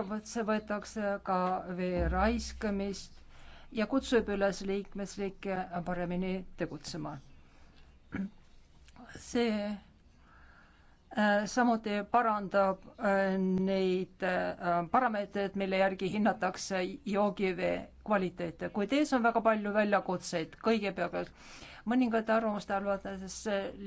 arvesse võetakse ka vee raiskamist ja kutsub üles liikmesriike paremini tegutsema. see äh, samuti parandab äh, neid äh, parameetreid, mille järgi hinnatakse joogivee kvaliteete, kuid ees on väga palju väljakutseid, kõigepealt mõningate arvamuste arvates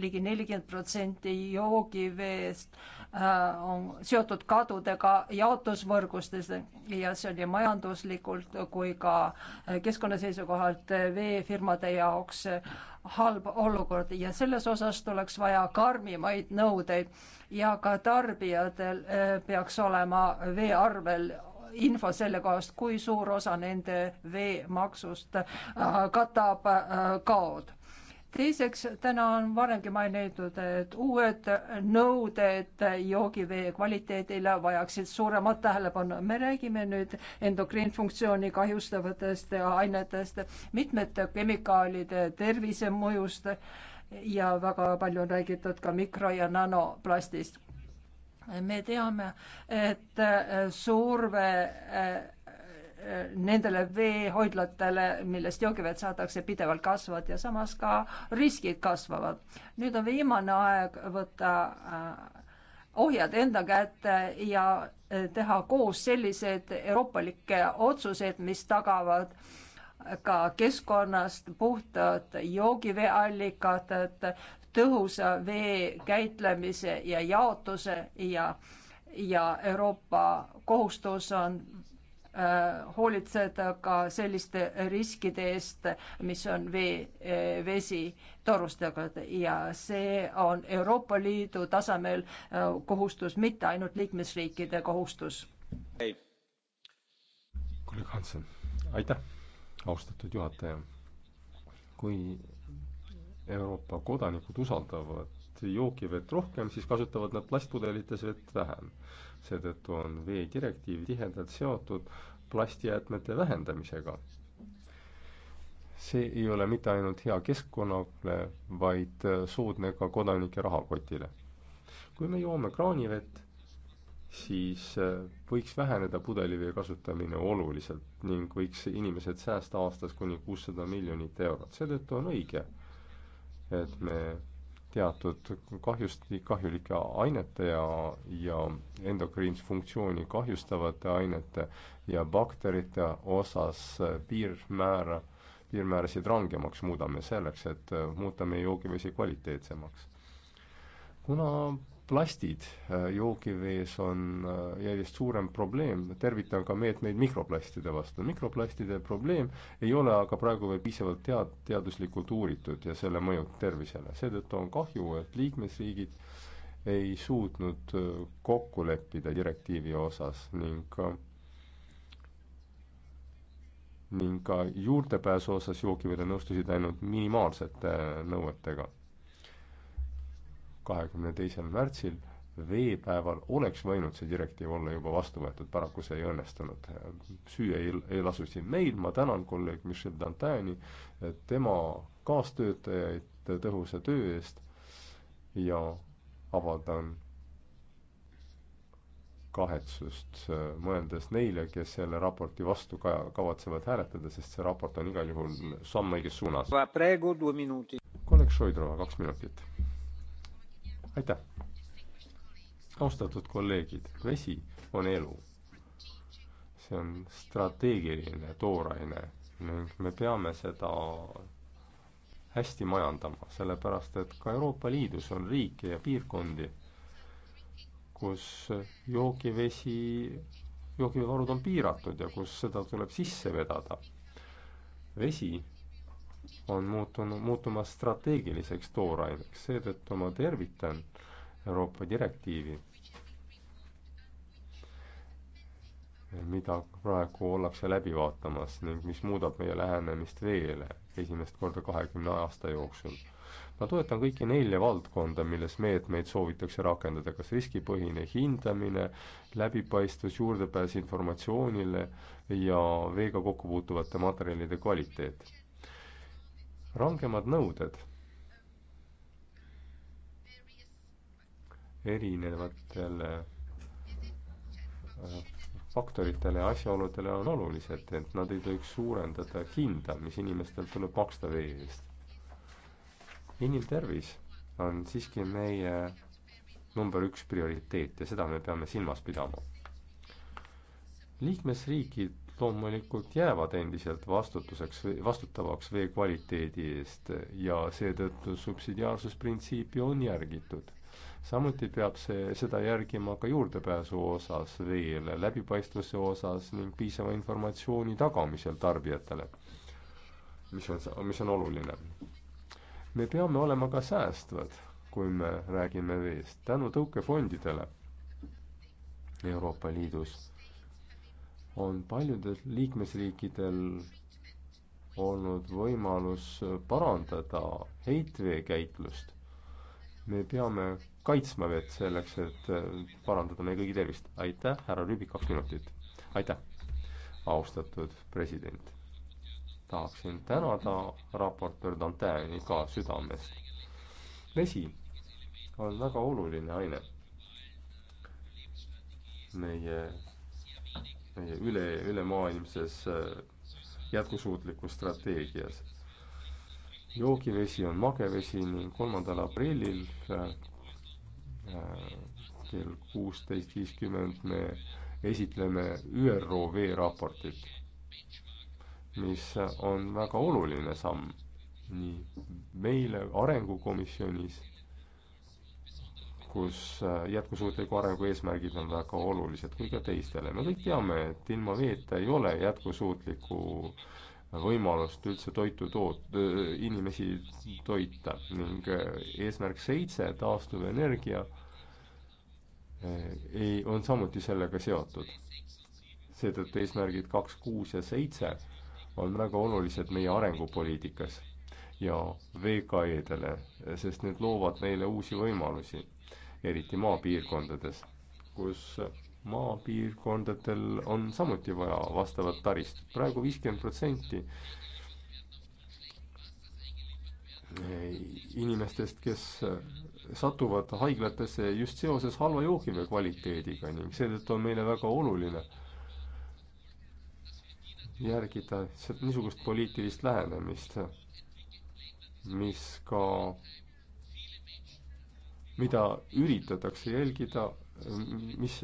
ligi nelikümmend protsenti joogiveest äh, on seotud kadudega jaotusvõrgustes ja see oli majanduslikult kui ka äh, keskkonna seisukohalt äh, veefirmade jaoks halb olukord ja selles osas tuleks vaja karmimaid nõudeid ja ka tarbijatel peaks olema veearvel info selle kohast, kui suur osa nende veemaksust katab kaod teiseks, täna on varemgi mainitud, et uued nõuded joogivee kvaliteedile vajaksid suuremat tähelepanu. me räägime nüüd endokriinfunktsiooni kahjustavatest ainetest, mitmete kemikaalide tervisemõjust ja väga palju on räägitud ka mikro- ja nanoplastist. me teame, et surve nendele veehoidlatele, millest joogivett saadakse, pidevalt kasvavad ja samas ka riskid kasvavad. nüüd on viimane aeg võtta äh, ohjad enda kätte ja äh, teha koos sellised euroopalikke otsuseid, mis tagavad ka keskkonnast puhtad joogiveeallikad, tõhusa vee käitlemise ja jaotuse ja ja Euroopa kohustus on Äh, hoolitseda ka selliste riskide eest, mis on vee, äh, vesi torustega ja see on Euroopa Liidu tasemel äh, kohustus, mitte ainult liikmesriikide kohustus. kolleeg Hansen, aitäh, austatud juhataja. kui Euroopa kodanikud usaldavad joogivett rohkem, siis kasutavad nad plastpudelites vett vähem. seetõttu on veedirektiiv tihedalt seotud plastijäätmete vähendamisega. see ei ole mitte ainult hea keskkonnale, vaid soodne ka kodanike rahakotile. kui me joome kraanivett, siis võiks väheneda pudelivee kasutamine oluliselt ning võiks inimesed säästa aastas kuni kuussada miljonit eurot. seetõttu on õige, et me teatud kahjust, kahjulike ainete ja, ja endokriinsfunktsiooni kahjustavate ainete ja bakterite osas piirmäära, piirmäärasid rangemaks muudame selleks, et muuta meie joogivesi kvaliteetsemaks. kuna plastid äh, joogivees on äh, järjest suurem probleem, tervitan ka meetmeid mikroplastide vastu. mikroplastide probleem ei ole aga praegu veel piisavalt tead-, teaduslikult uuritud ja selle mõjud tervisele. seetõttu on kahju, et liikmesriigid ei suutnud äh, kokku leppida direktiivi osas ning ning ka juurdepääsu osas jookivile nõustusid ainult minimaalsete nõuetega kahekümne teisel märtsil, veepäeval, oleks võinud see direktiiv olla juba vastu võetud, paraku see ei õnnestunud. süü ei, ei lasu siin meil, ma tänan kolleeg Michel Dantani, tema kaastöötajaid tõhusa töö eest ja avaldan kahetsust, äh, mõeldes neile, kes selle raporti vastu ka kavatsevad hääletada, sest see raport on igal juhul samm õiges suunas. kolleeg Šoidrova, kaks minutit aitäh! austatud kolleegid, vesi on elu. see on strateegiline tooraine ning me peame seda hästi majandama, sellepärast et ka Euroopa Liidus on riike ja piirkondi, kus joogivesi, joogivarud on piiratud ja kus seda tuleb sisse vedada. vesi on muutunud, muutumas strateegiliseks tooraineks, seetõttu ma tervitan Euroopa direktiivi, mida praegu ollakse läbi vaatamas ning mis muudab meie lähenemist veel esimest korda kahekümne aasta jooksul. ma toetan kõiki nelja valdkonda, milles meetmeid soovitakse rakendada, kas riskipõhine hindamine, läbipaistvus, juurdepääs informatsioonile ja veega kokku puutuvate materjalide kvaliteet rangemad nõuded erinevatele äh, faktoritele ja asjaoludele on olulised, et nad ei tohiks suurendada hinda, mis inimestel tuleb maksta vee eest. inimtervis on siiski meie number üks prioriteet ja seda me peame silmas pidama. liikmesriigid loomulikult jäävad endiselt vastutuseks, vastutavaks vee kvaliteedi eest ja seetõttu subsidiaarsusprintsiipi on järgitud. samuti peab see, seda järgima ka juurdepääsu osas veele, läbipaistvuse osas ning piisava informatsiooni tagamisel tarbijatele, mis on, mis on oluline. me peame olema ka säästvad, kui me räägime veest, tänu tõukefondidele Euroopa Liidus on paljudel liikmesriikidel olnud võimalus parandada heitveekäitlust. me peame kaitsma vett selleks, et parandada meie kõigi tervist. aitäh, härra Rüübik, kaks minutit. aitäh, austatud president. tahaksin tänada raportöör Dantani ka südamest. vesi on väga oluline aine meie meie üle, ülemaailmses äh, jätkusuutlikus strateegias. joogivesi on magevesi ning kolmandal aprillil äh, äh, kell kuusteist viiskümmend me esitleme ÜRO veeraportit, mis on väga oluline samm nii meile Arengukomisjonis kus äh, jätkusuutliku arengu eesmärgid on väga olulised, kui ka teistele. me kõik teame, et ilma veeta ei ole jätkusuutlikku võimalust üldse toitu toot-, äh, inimesi toita ning äh, eesmärk seitse, taastuvenergia, ei, on samuti sellega seotud. seetõttu eesmärgid kaks, kuus ja seitse on väga olulised meie arengupoliitikas ja VKE-dele, sest need loovad neile uusi võimalusi eriti maapiirkondades, kus maapiirkondadel on samuti vaja vastavat taristut. praegu viiskümmend protsenti inimestest, kes satuvad haiglatesse just seoses halva joogivee kvaliteediga ning seetõttu on meile väga oluline järgida niisugust poliitilist lähenemist, mis ka mida üritatakse jälgida, mis,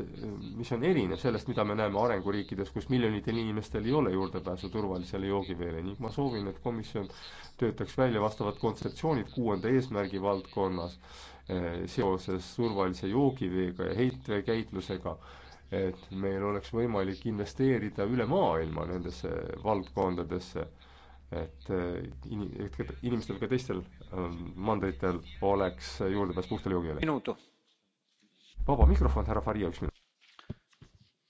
mis on erinev sellest, mida me näeme arenguriikides, kus miljonitel inimestel ei ole juurdepääsu turvalisele joogiveele ning ma soovin, et komisjon töötaks välja vastavad kontseptsioonid kuuenda eesmärgi valdkonnas eh, seoses turvalise joogiveega ja heitveekäitlusega, et meil oleks võimalik investeerida üle maailma nendesse valdkondadesse et äh, in-, et inimestel ka teistel ähm, mandritel oleks juurdepääs puhtale joogile. minutu. vaba mikrofon, härra Faria, üks minut.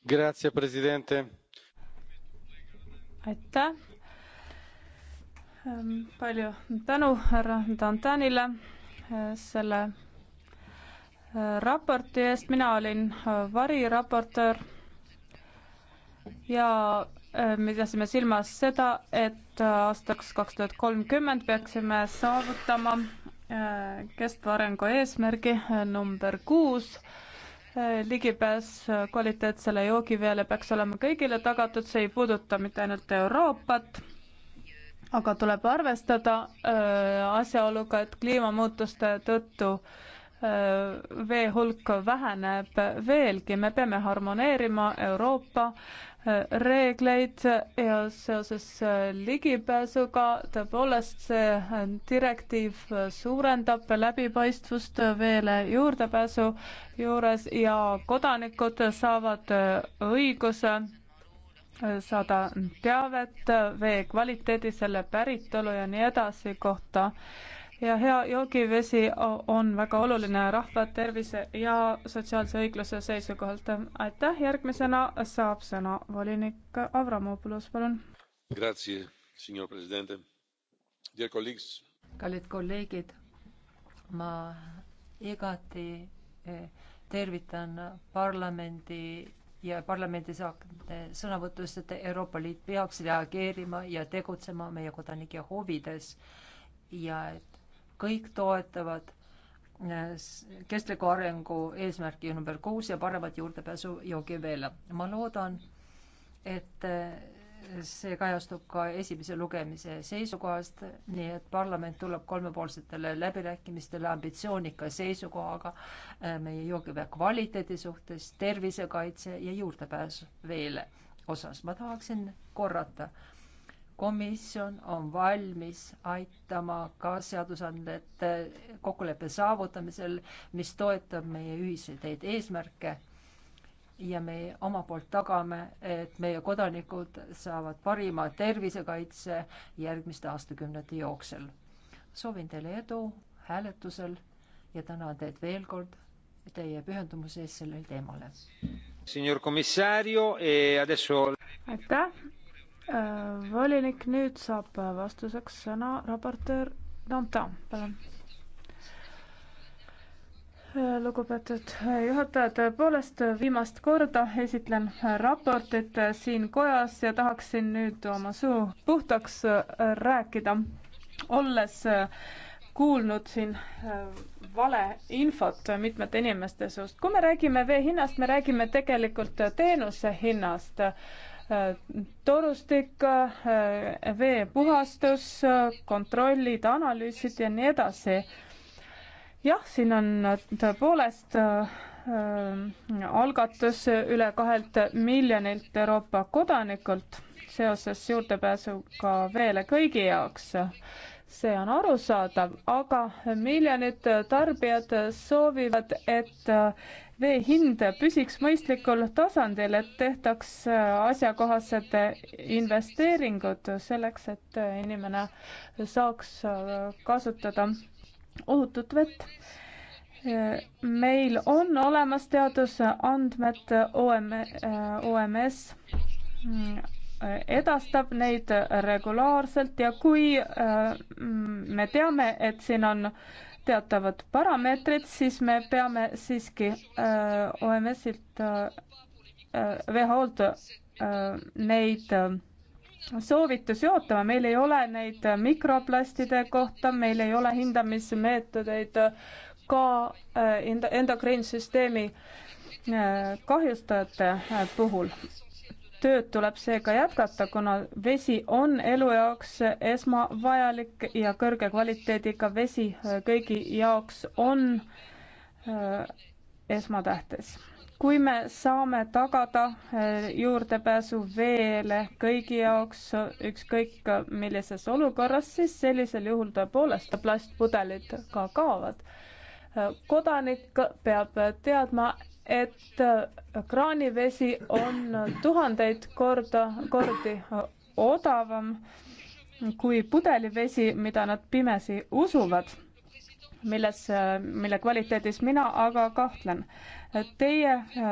Grazie, president. aitäh. Ähm, palju tänu härra Dantanile äh, selle äh, raporti eest, mina olin variraportöör ja Äh, me pidasime silmas seda, et äh, aastaks kaks tuhat kolmkümmend peaksime saavutama äh, kestva arengu eesmärgi number kuus ligipääs kvaliteetsele joogiveele peaks olema kõigile tagatud, see ei puuduta mitte ainult Euroopat, aga tuleb arvestada asjaoluga, et kliimamuutuste tõttu vee hulk väheneb veelgi, me peame harmoneerima Euroopa reegleid ja seoses äh, ligipääsuga tõepoolest see äh, direktiiv äh, suurendab läbipaistvust veele juurdepääsu juures ja kodanikud saavad õiguse saada teavet vee kvaliteedi, selle päritolu ja nii edasi kohta ja hea joogivesi on väga oluline rahva tervise ja sotsiaalse õigluse seisukohalt. aitäh, järgmisena saab sõna volinik Avramopoulos, palun. kallid kolleegid, ma igati eh, tervitan parlamendi ja parlamendisaakide sõnavõtust, et Euroopa Liit peaks reageerima ja tegutsema meie kodanike huvides ja et kõik toetavad eh, kestliku arengu eesmärki number kuus ja paremat juurdepääsu joogiveele. ma loodan, et eh, see kajastub ka esimese lugemise seisukohast, nii et parlament tuleb kolmepoolsetele läbirääkimistele ambitsioonika seisukohaga eh, meie joogivee kvaliteedi suhtes, tervisekaitse ja juurdepääs veele osas. ma tahaksin korrata komisjon on valmis aitama ka seadusandlate kokkuleppe saavutamisel, mis toetab meie ühiseid eesmärke. ja me oma poolt tagame, et meie kodanikud saavad parima tervisekaitse järgmiste aastakümnete jooksul. soovin teile edu hääletusel ja tänan teid veel kord teie pühendumuse eest sellel teemale. aitäh Äh, volinik, nüüd saab äh, vastuseks sõna raportöör Danton, palun. Äh, lugupeetud juhataja, tõepoolest viimast korda esitlen raportit siin kojas ja tahaksin nüüd oma suu puhtaks rääkida, olles kuulnud siin valeinfot mitmete inimeste suust. kui me räägime vee hinnast, me räägime tegelikult teenuse hinnast torustik, veepuhastus, kontrollid, analüüsid ja nii edasi. jah, siin on tõepoolest äh, algatus üle kahelt miljonilt Euroopa kodanikult seoses juurdepääsuga veele kõigi jaoks. see on arusaadav, aga miljonid tarbijad soovivad, et vee hind püsiks mõistlikul tasandil, et tehtaks äh, asjakohased investeeringud selleks, et äh, inimene saaks äh, kasutada ohutut vett. meil on olemas teadusandmed, OM, e, OMS mm, edastab neid regulaarselt ja kui mm, me teame, et siin on äh, teatavad parameetrid, siis me peame siiski äh, OMS-ilt äh, äh,, WHO-lt äh, neid äh, soovitusi ootama, meil ei ole neid äh, mikroplastide kohta, meil ei ole hindamismeetodeid äh, ka enda endokriinsüsteemi kahjustajate puhul tööd tuleb seega jätkata, kuna vesi on elu jaoks esmavajalik ja kõrge kvaliteediga vesi äh, kõigi jaoks on äh, esmatähtis. kui me saame tagada äh, juurdepääsu veele kõigi jaoks ükskõik millises olukorras, siis sellisel juhul tõepoolest plastpudelid ka kaovad. kodanik peab teadma, et äh, kraanivesi on tuhandeid korda, kordi odavam kui pudelivesi, mida nad pimesi usuvad, milles, äh, mille kvaliteedis mina aga kahtlen. Teie äh,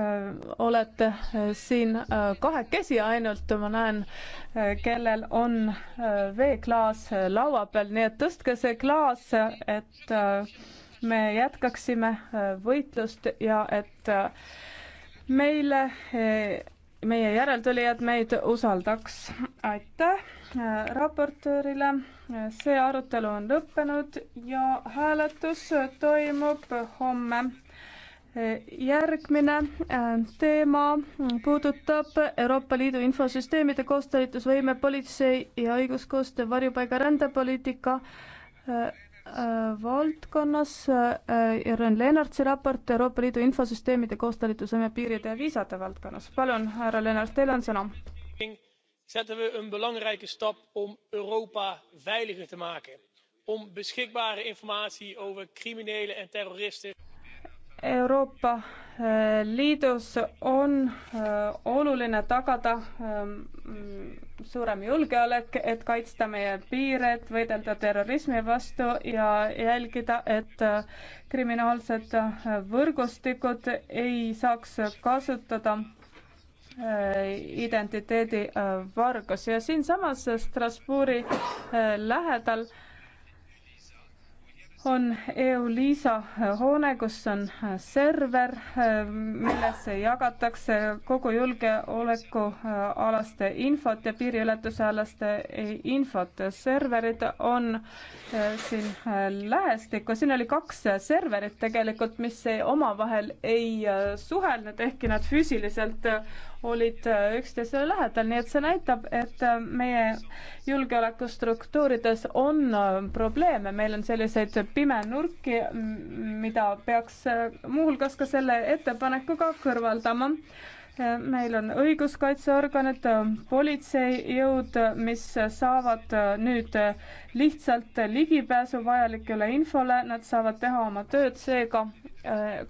äh, olete äh, siin äh, kahekesi ainult, ma näen äh,, kellel on äh, veeklaas äh, laua peal, nii et tõstke see klaas, et äh, me jätkaksime äh, võitlust ja et äh, meile, äh, meie järeltulijad meid usaldaks. aitäh raportöörile, see arutelu on lõppenud ja hääletus toimub homme järgmine teema puudutab Euroopa Liidu infosüsteemide koostalitusvõime politsei ja õiguskoostöö varjupaiga rändepoliitika valdkonnas äh, Jürgen Lennartsi raport Euroopa Liidu infosüsteemide koostalitusvõime piiride ja viisade valdkonnas. palun, härra Lennart, teil on sõna. zetten we een belangrijke stap om Europa veiliger te maken, om beschikbare informatie over criminelen en terroristen. Euroopa Liidus on äh, oluline tagada ähm, suurem julgeolek, et kaitsta meie piire, et võidelda terrorismi vastu ja jälgida, et äh, kriminaalsed äh, võrgustikud ei saaks kasutada identiteedivargusi ja siinsamas Strasbourgi lähedal äh, on EU-LISA hoone, kus on server, milles jagatakse kogu julgeolekualaste äh, infot ja piiriületusealaste äh, infot. serverid on äh, siin lähestikku, siin oli kaks serverit tegelikult, mis omavahel ei suhelnud, ehkki nad füüsiliselt olid äh, üksteisele lähedal, nii et see näitab, et äh, meie julgeolekustruktuurides on äh, probleeme, meil on selliseid pimenurki, mida peaks muuhulgas ka selle ettepanekuga kõrvaldama meil on õiguskaitseorganid, politseijõud, mis saavad nüüd lihtsalt ligipääsu vajalikule infole, nad saavad teha oma tööd seega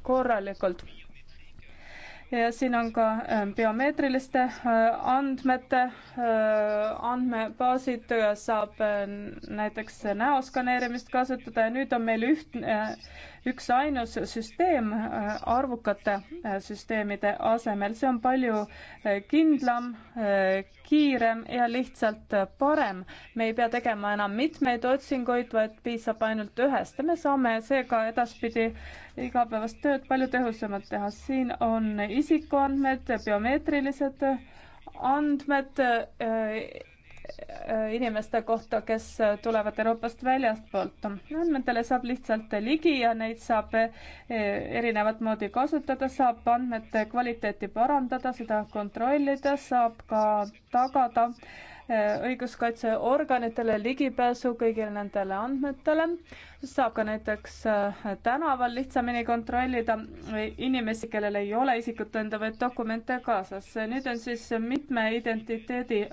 korralikult ja siin on ka ähm, biomeetriliste äh, andmete, äh, andmebaasid, saab äh, näiteks näo skaneerimist kasutada ja nüüd on meil ühtne üksainus süsteem äh, arvukate äh, süsteemide asemel, see on palju äh, kindlam, kiirem ja lihtsalt parem. me ei pea tegema enam mitmeid otsinguid, vaid piisab ainult ühest ja me saame seega edaspidi igapäevast tööd palju tõhusamalt teha. siin on isikuandmed, biomeetrilised andmed Äh, inimeste kohta, kes tulevad Euroopast väljastpoolt. andmetele saab lihtsalt ligi ja neid saab äh, erinevat moodi kasutada, saab andmete kvaliteeti parandada, seda kontrollida, saab ka tagada äh, õiguskaitseorganitele ligipääsu kõigile nendele andmetele. saab ka näiteks tänaval lihtsamini kontrollida inimesi, kellel ei ole isikut tõendavaid dokumente kaasas. nüüd on siis mitme identiteedi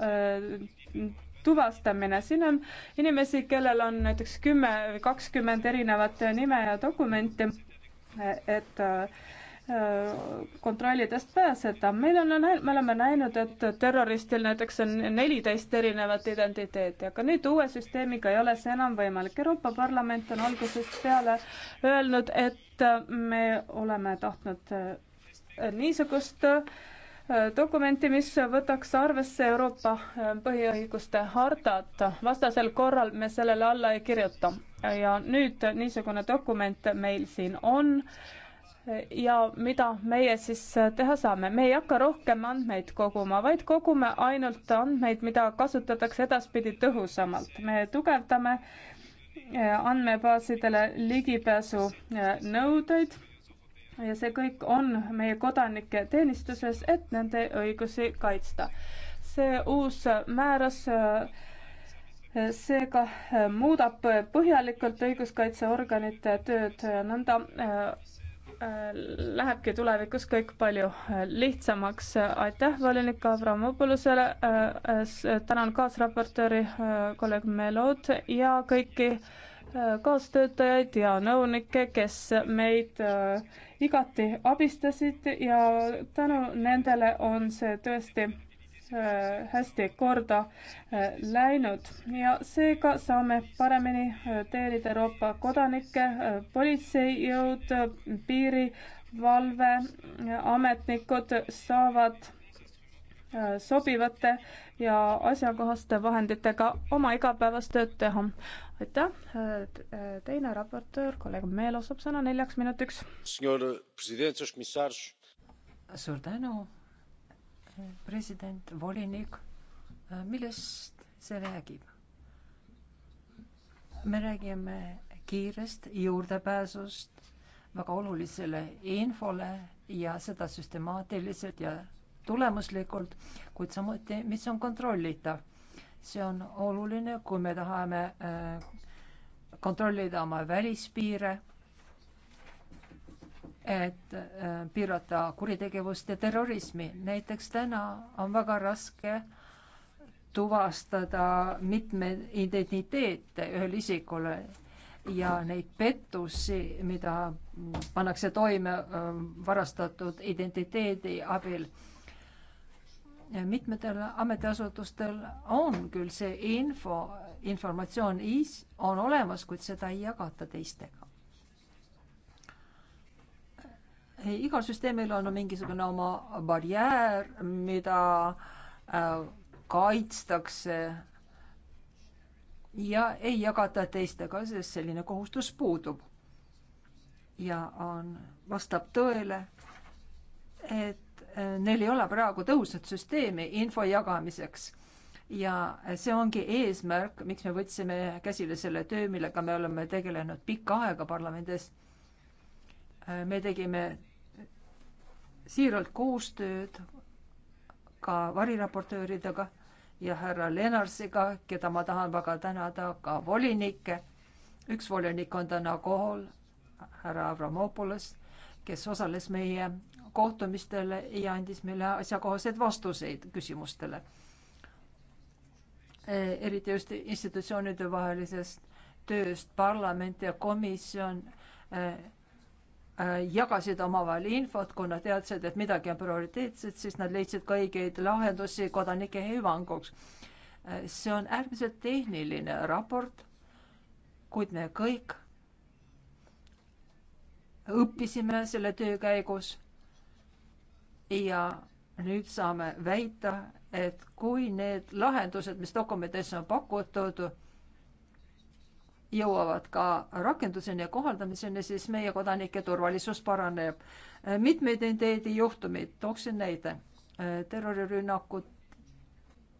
tuvastamine, siin on inimesi, kellel on näiteks kümme või kakskümmend erinevat nime ja dokumenti, et äh, kontrollidest pääseda. meil on, me oleme näinud, et terroristil näiteks on neliteist erinevat identiteeti, aga nüüd uue süsteemiga ei ole see enam võimalik. Euroopa Parlament on algusest peale öelnud, et me oleme tahtnud äh, niisugust äh, dokumenti, mis võtaks arvesse Euroopa äh, põhiõiguste hartat. vastasel korral me sellele alla ei kirjuta ja nüüd niisugune dokument meil siin on äh, ja mida meie siis äh, teha saame, me ei hakka rohkem andmeid koguma, vaid kogume ainult andmeid, mida kasutatakse edaspidi tõhusamalt. me tugevdame andmebaasidele ligipääsu nõudeid ja see kõik on meie kodanike teenistuses, et nende õigusi kaitsta. see uus määrus äh, seega äh, muudab põhjalikult õiguskaitseorganite tööd nõnda äh, lähebki tulevikus kõik palju lihtsamaks. aitäh volinik Avramopoulosele, tänan kaasraportööri kolleeg Melod ja kõiki kaastöötajaid ja nõunikke, kes meid äh, igati abistasid ja tänu nendele on see tõesti äh, hästi korda äh, läinud ja seega saame paremini äh, teenida Euroopa kodanikke, politseijõud, piirivalve, ametnikud saavad sobivate ja asjakohaste vahenditega oma igapäevast tööd teha. aitäh, teine raportöör, kolleeg Meelo saab sõna neljaks minutiks. suur tänu, president, volinik, millest see räägib? me räägime kiirest juurdepääsust väga olulisele infole ja seda süstemaatiliselt ja tulemuslikult, kuid samuti, mis on kontrollitav. see on oluline, kui me tahame äh, kontrollida oma välispiire, et äh, piirata kuritegevust ja terrorismi. näiteks täna on väga raske tuvastada mitmeid identiteete ühel isikul ja neid pettusi, mida pannakse toime äh, varastatud identiteedi abil mitmetel ametiasutustel on küll see info, informatsioon is-, on olemas, kuid seda ei jagata teistega. igal süsteemil on mingisugune oma barjäär, mida äh, kaitstakse ja ei jagata teistega, sest selline kohustus puudub. ja on, vastab tõele, et neil ei ole praegu tõhusat süsteemi info jagamiseks. ja see ongi eesmärk, miks me võtsime käsile selle töö, millega me oleme tegelenud pikka aega parlamendis. me tegime siiralt koostööd ka variraportööridega ja härra Lennartsiga, keda ma tahan väga tänada, ka volinikke. üks volinik on täna kohal, härra Avramopoulos, kes osales meie kohtumistele ja andis meile asjakohaseid vastuseid küsimustele. eriti just institutsioonide vahelisest tööst parlament ja komisjon äh, äh, jagasid omavahel infot, kui nad teadsid, et midagi on prioriteetset, siis nad leidsid ka õigeid lahendusi kodanike hüvanguks. Äh, see on äärmiselt tehniline raport, kuid me kõik õppisime selle töö käigus ja nüüd saame väita, et kui need lahendused, mis dokumentides on pakutud, jõuavad ka rakenduseni ja kohaldamiseni, siis meie kodanike turvalisus paraneb. mitmeidentiteedi juhtumid, tooksin näide. terrorirünnakud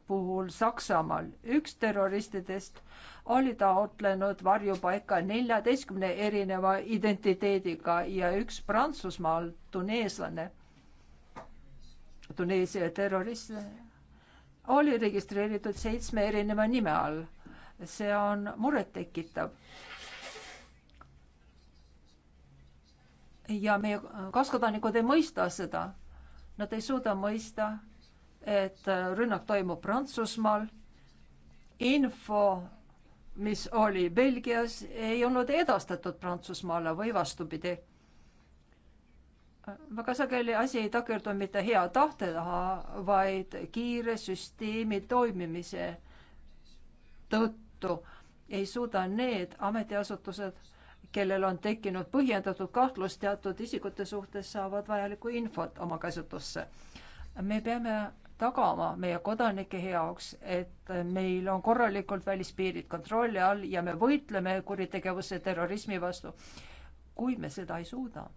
puhul Saksamaal üks terroristidest oli taotlenud varjupaika neljateistkümne erineva identiteediga ja üks Prantsusmaal tuneeslane Tuneesia terrorism oli registreeritud seitsme erineva nime all. see on murettekitav. ja meie kaaskodanikud ei mõista seda. Nad ei suuda mõista, et rünnak toimub Prantsusmaal. info, mis oli Belgias, ei olnud edastatud Prantsusmaale või vastupidi väga sageli asi ei takerdu mitte hea tahte taha, vaid kiire süsteemi toimimise tõttu ei suuda need ametiasutused, kellel on tekkinud põhjendatud kahtlus teatud isikute suhtes, saavad vajalikku infot oma käsutusse. me peame tagama meie kodanike jaoks, et meil on korralikult välispiirid kontrolli all ja me võitleme kuritegevuse, terrorismi vastu. kui me seda ei suuda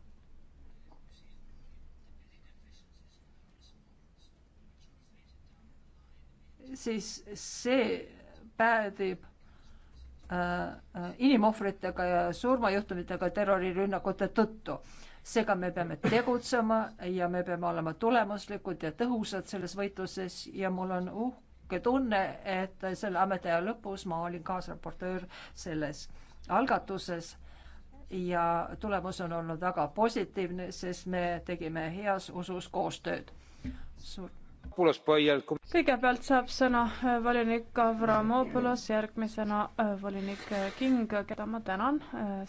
siis see päädib äh, äh, inimohvritega ja surmajuhtumitega terrorirünnakute tõttu. seega me peame tegutsema ja me peame olema tulemuslikud ja tõhusad selles võitluses ja mul on uhke tunne, et selle ametiaja lõpus ma olin kaasraportöör selles algatuses ja tulemus on olnud väga positiivne, sest me tegime heas usus koostööd. suur kõigepealt saab sõna äh, volinik Avramopoulos, järgmisena äh, volinik äh, King, keda ma tänan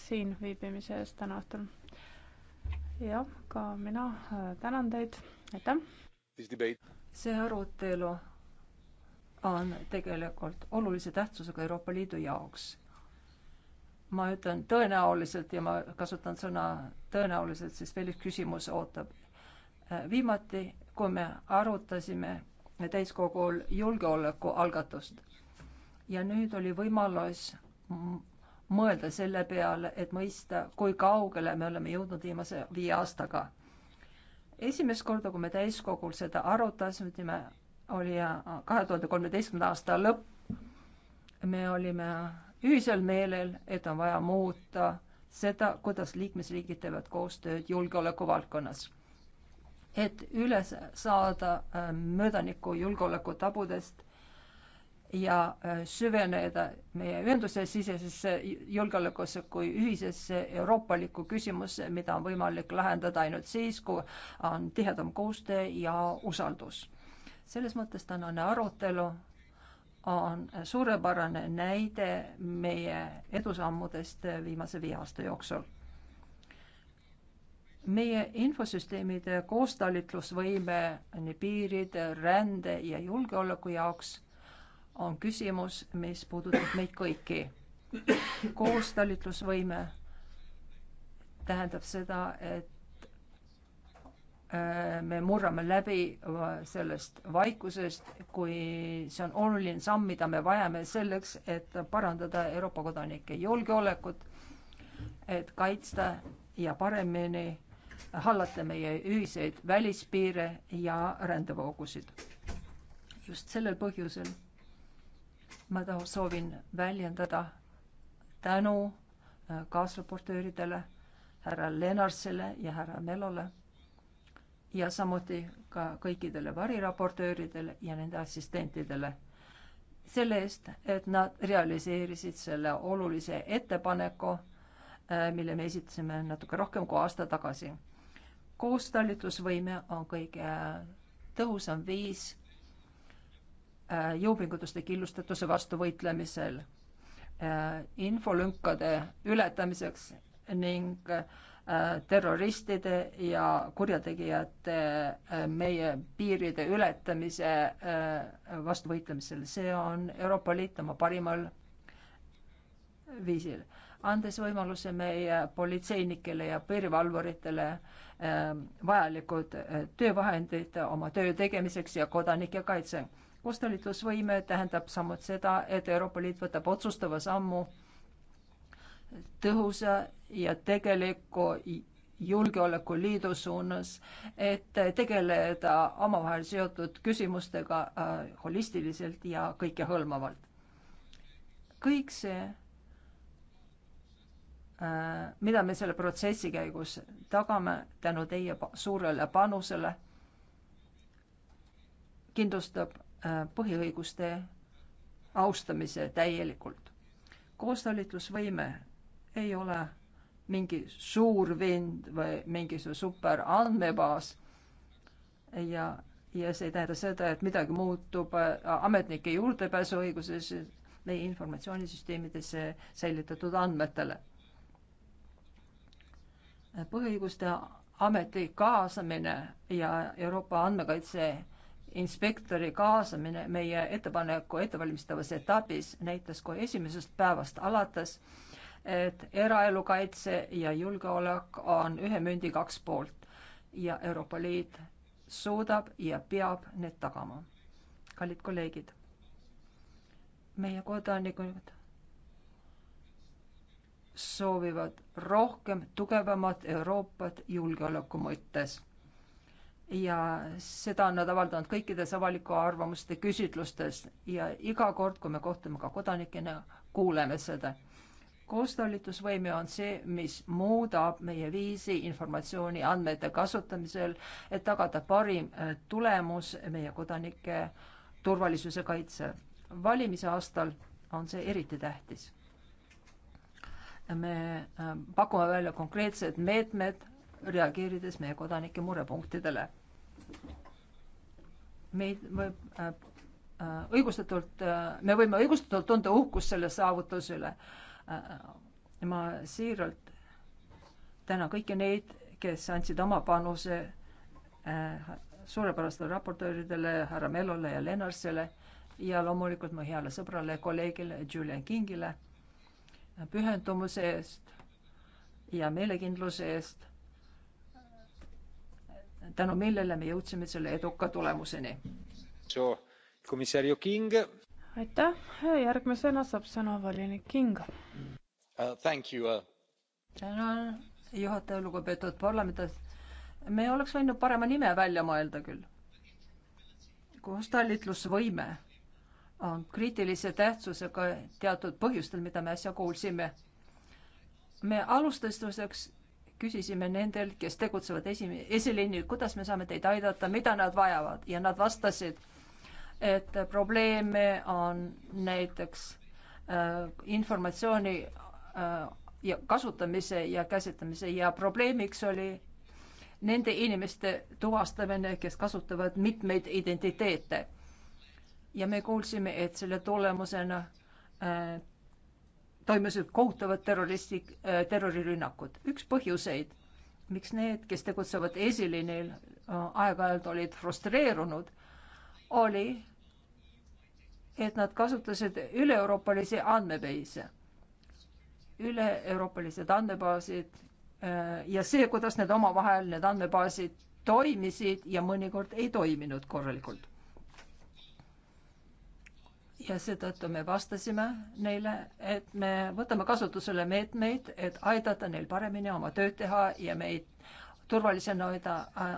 siin viibimise eest täna õhtul. jah, ka mina tänan teid, aitäh. see arutelu on tegelikult olulise tähtsusega Euroopa Liidu jaoks. ma ütlen tõenäoliselt ja ma kasutan sõna tõenäoliselt, sest veel üks küsimus ootab. viimati kui me arutasime täiskogul julgeoleku algatust. ja nüüd oli võimalus mõelda selle peale, et mõista, kui kaugele me oleme jõudnud viimase viie aastaga. esimest korda, kui me täiskogul seda arutasime, oli kahe tuhande kolmeteistkümnenda aasta lõpp. me olime ühisel meelel, et on vaja muuta seda, kuidas liikmesriigid teevad koostööd julgeoleku valdkonnas et üle saada äh, möödaniku julgeoleku tabudest ja äh, süveneda meie ühenduse sisesesse julgeolekusse kui ühisesse euroopalikku küsimusse, mida on võimalik lahendada ainult siis, kui on tihedam koostöö ja usaldus. selles mõttes tänane arutelu on suurepärane näide meie edusammudest viimase viie aasta jooksul meie infosüsteemide koostalitlusvõime nii piiride, rände ja julgeoleku jaoks on küsimus, mis puudutab meid kõiki. koostalitlusvõime tähendab seda, et äh, me murrame läbi äh, sellest vaikusest, kui see on oluline samm, mida me vajame selleks, et parandada Euroopa kodanike julgeolekut, et kaitsta ja paremini hallata meie ühiseid välispiire ja rändevoogusid. just sellel põhjusel ma tahan, soovin väljendada tänu äh, kaasraportööridele, härra Lenarsele ja härra Melole ja samuti ka kõikidele variraportööridele ja nende assistentidele selle eest, et nad realiseerisid selle olulise ettepaneku, äh, mille me esitasime natuke rohkem kui aasta tagasi koostalitlusvõime on kõige äh, tõhusam viis äh, jõupingutuste killustatuse vastu võitlemisel, äh, infolünkade ületamiseks ning terroristide ja kurjategijate meie piiride ületamise vastu võitlemisel. see on Euroopa Liit oma parimal viisil andes võimaluse meie politseinikele ja piirivalvuritele ähm, vajalikud äh, töövahendid oma töö tegemiseks ja kodanike kaitse. koostalitusvõime tähendab samuti seda, et Euroopa Liit võtab otsustava sammu tõhusa ja tegeliku julgeolekuliidu suunas, et tegeleda omavahel seotud küsimustega äh, holistiliselt ja kõikehõlmavalt. kõik see Äh, mida me selle protsessi käigus tagame tänu teie suurele panusele, kindlustab äh, põhiõiguste austamise täielikult. koostalitlusvõime ei ole mingi suur vind või mingisugune super andmebaas ja, ja see ei tähenda seda, et midagi muutub äh, ametnike juurdepääsuõiguses, meie informatsioonisüsteemidesse säilitatud andmetele põhiõiguste ameti kaasamine ja Euroopa andmekaitse inspektori kaasamine meie ettepaneku ettevalmistavas etapis näitas kohe esimesest päevast alates, et eraelu kaitse ja julgeolek on ühe mündi kaks poolt ja Euroopa Liit suudab ja peab need tagama. kallid kolleegid, meie kodanikud soovivad rohkem tugevamat Euroopat julgeoleku mõttes. ja seda on nad avaldanud kõikides avaliku arvamuste küsitlustes ja iga kord, kui me kohtume ka kodanikena, kuuleme seda. koostalitusvõime on see, mis muudab meie viisi informatsiooni andmete kasutamisel, et tagada parim äh, tulemus meie kodanike turvalisuse kaitse. valimise aastal on see eriti tähtis me äh, pakume välja konkreetsed meetmed, reageerides meie kodanike murepunktidele. meid võib äh, äh, õigustatult äh,, me võime õigustatult tunda uhkust selle saavutuse üle äh,. ma siiralt tänan kõiki neid, kes andsid oma panuse äh, suurepärastele raportööridele, härra Mellole ja Lennartsele ja loomulikult mu heale sõbrale, kolleegile Julian Kingile pühendumuse eest ja meelekindluse eest, tänu millele me jõudsime selle eduka tulemuseni. aitäh, järgmisena saab sõna volinik King uh,. uh. tänan, juhataja, lugupeetud parlamendis. me oleks võinud parema nime välja mõelda küll. koostalitlusvõime on kriitilise tähtsusega teatud põhjustel, mida me äsja kuulsime. me alustuseks küsisime nendelt, kes tegutsevad esimene, esiliinil, kuidas me saame teid aidata, mida nad vajavad ja nad vastasid, et probleeme on näiteks äh, informatsiooni äh, ja kasutamise ja käsitlemise ja probleemiks oli nende inimeste tuvastamine, kes kasutavad mitmeid identiteete ja me kuulsime, et selle tulemusena äh, toimusid kohutavad terroristlik äh,, terrorirünnakud. üks põhjuseid, miks need, kes tegutsevad esiliinil äh,, aeg-ajalt olid frustreerunud, oli, et nad kasutasid üle-euroopalisi andmebeise, üle-euroopalised andmebaasid äh, ja see, kuidas need omavahel, need andmebaasid toimisid ja mõnikord ei toiminud korralikult ja seetõttu me vastasime neile, et me võtame kasutusele meetmeid, et aidata neil paremini oma tööd teha ja meid turvalisena hoida,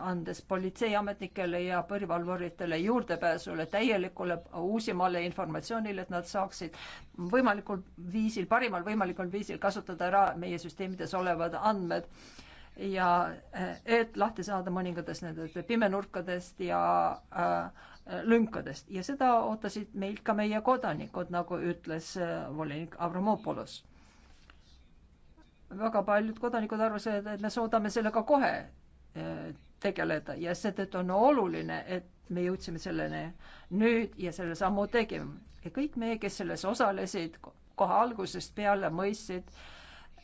andes politseiametnikele ja põrivalvuritele juurdepääsule täielikule uusimale informatsioonile, et nad saaksid võimalikul viisil, parimal võimalikul viisil kasutada ära meie süsteemides olevad andmed ja eh, et lahti saada mõningatest nendest pimenurkadest ja äh, lünkadest ja seda ootasid meilt ka meie kodanikud, nagu ütles äh, volinik Avramopoulos. väga paljud kodanikud arvasid, et me suudame sellega kohe äh, tegeleda ja seetõttu on oluline, et me jõudsime selleni nüüd ja selle sammu tegime. ja kõik meie, kes selles osalesid, kohe algusest peale mõistsid,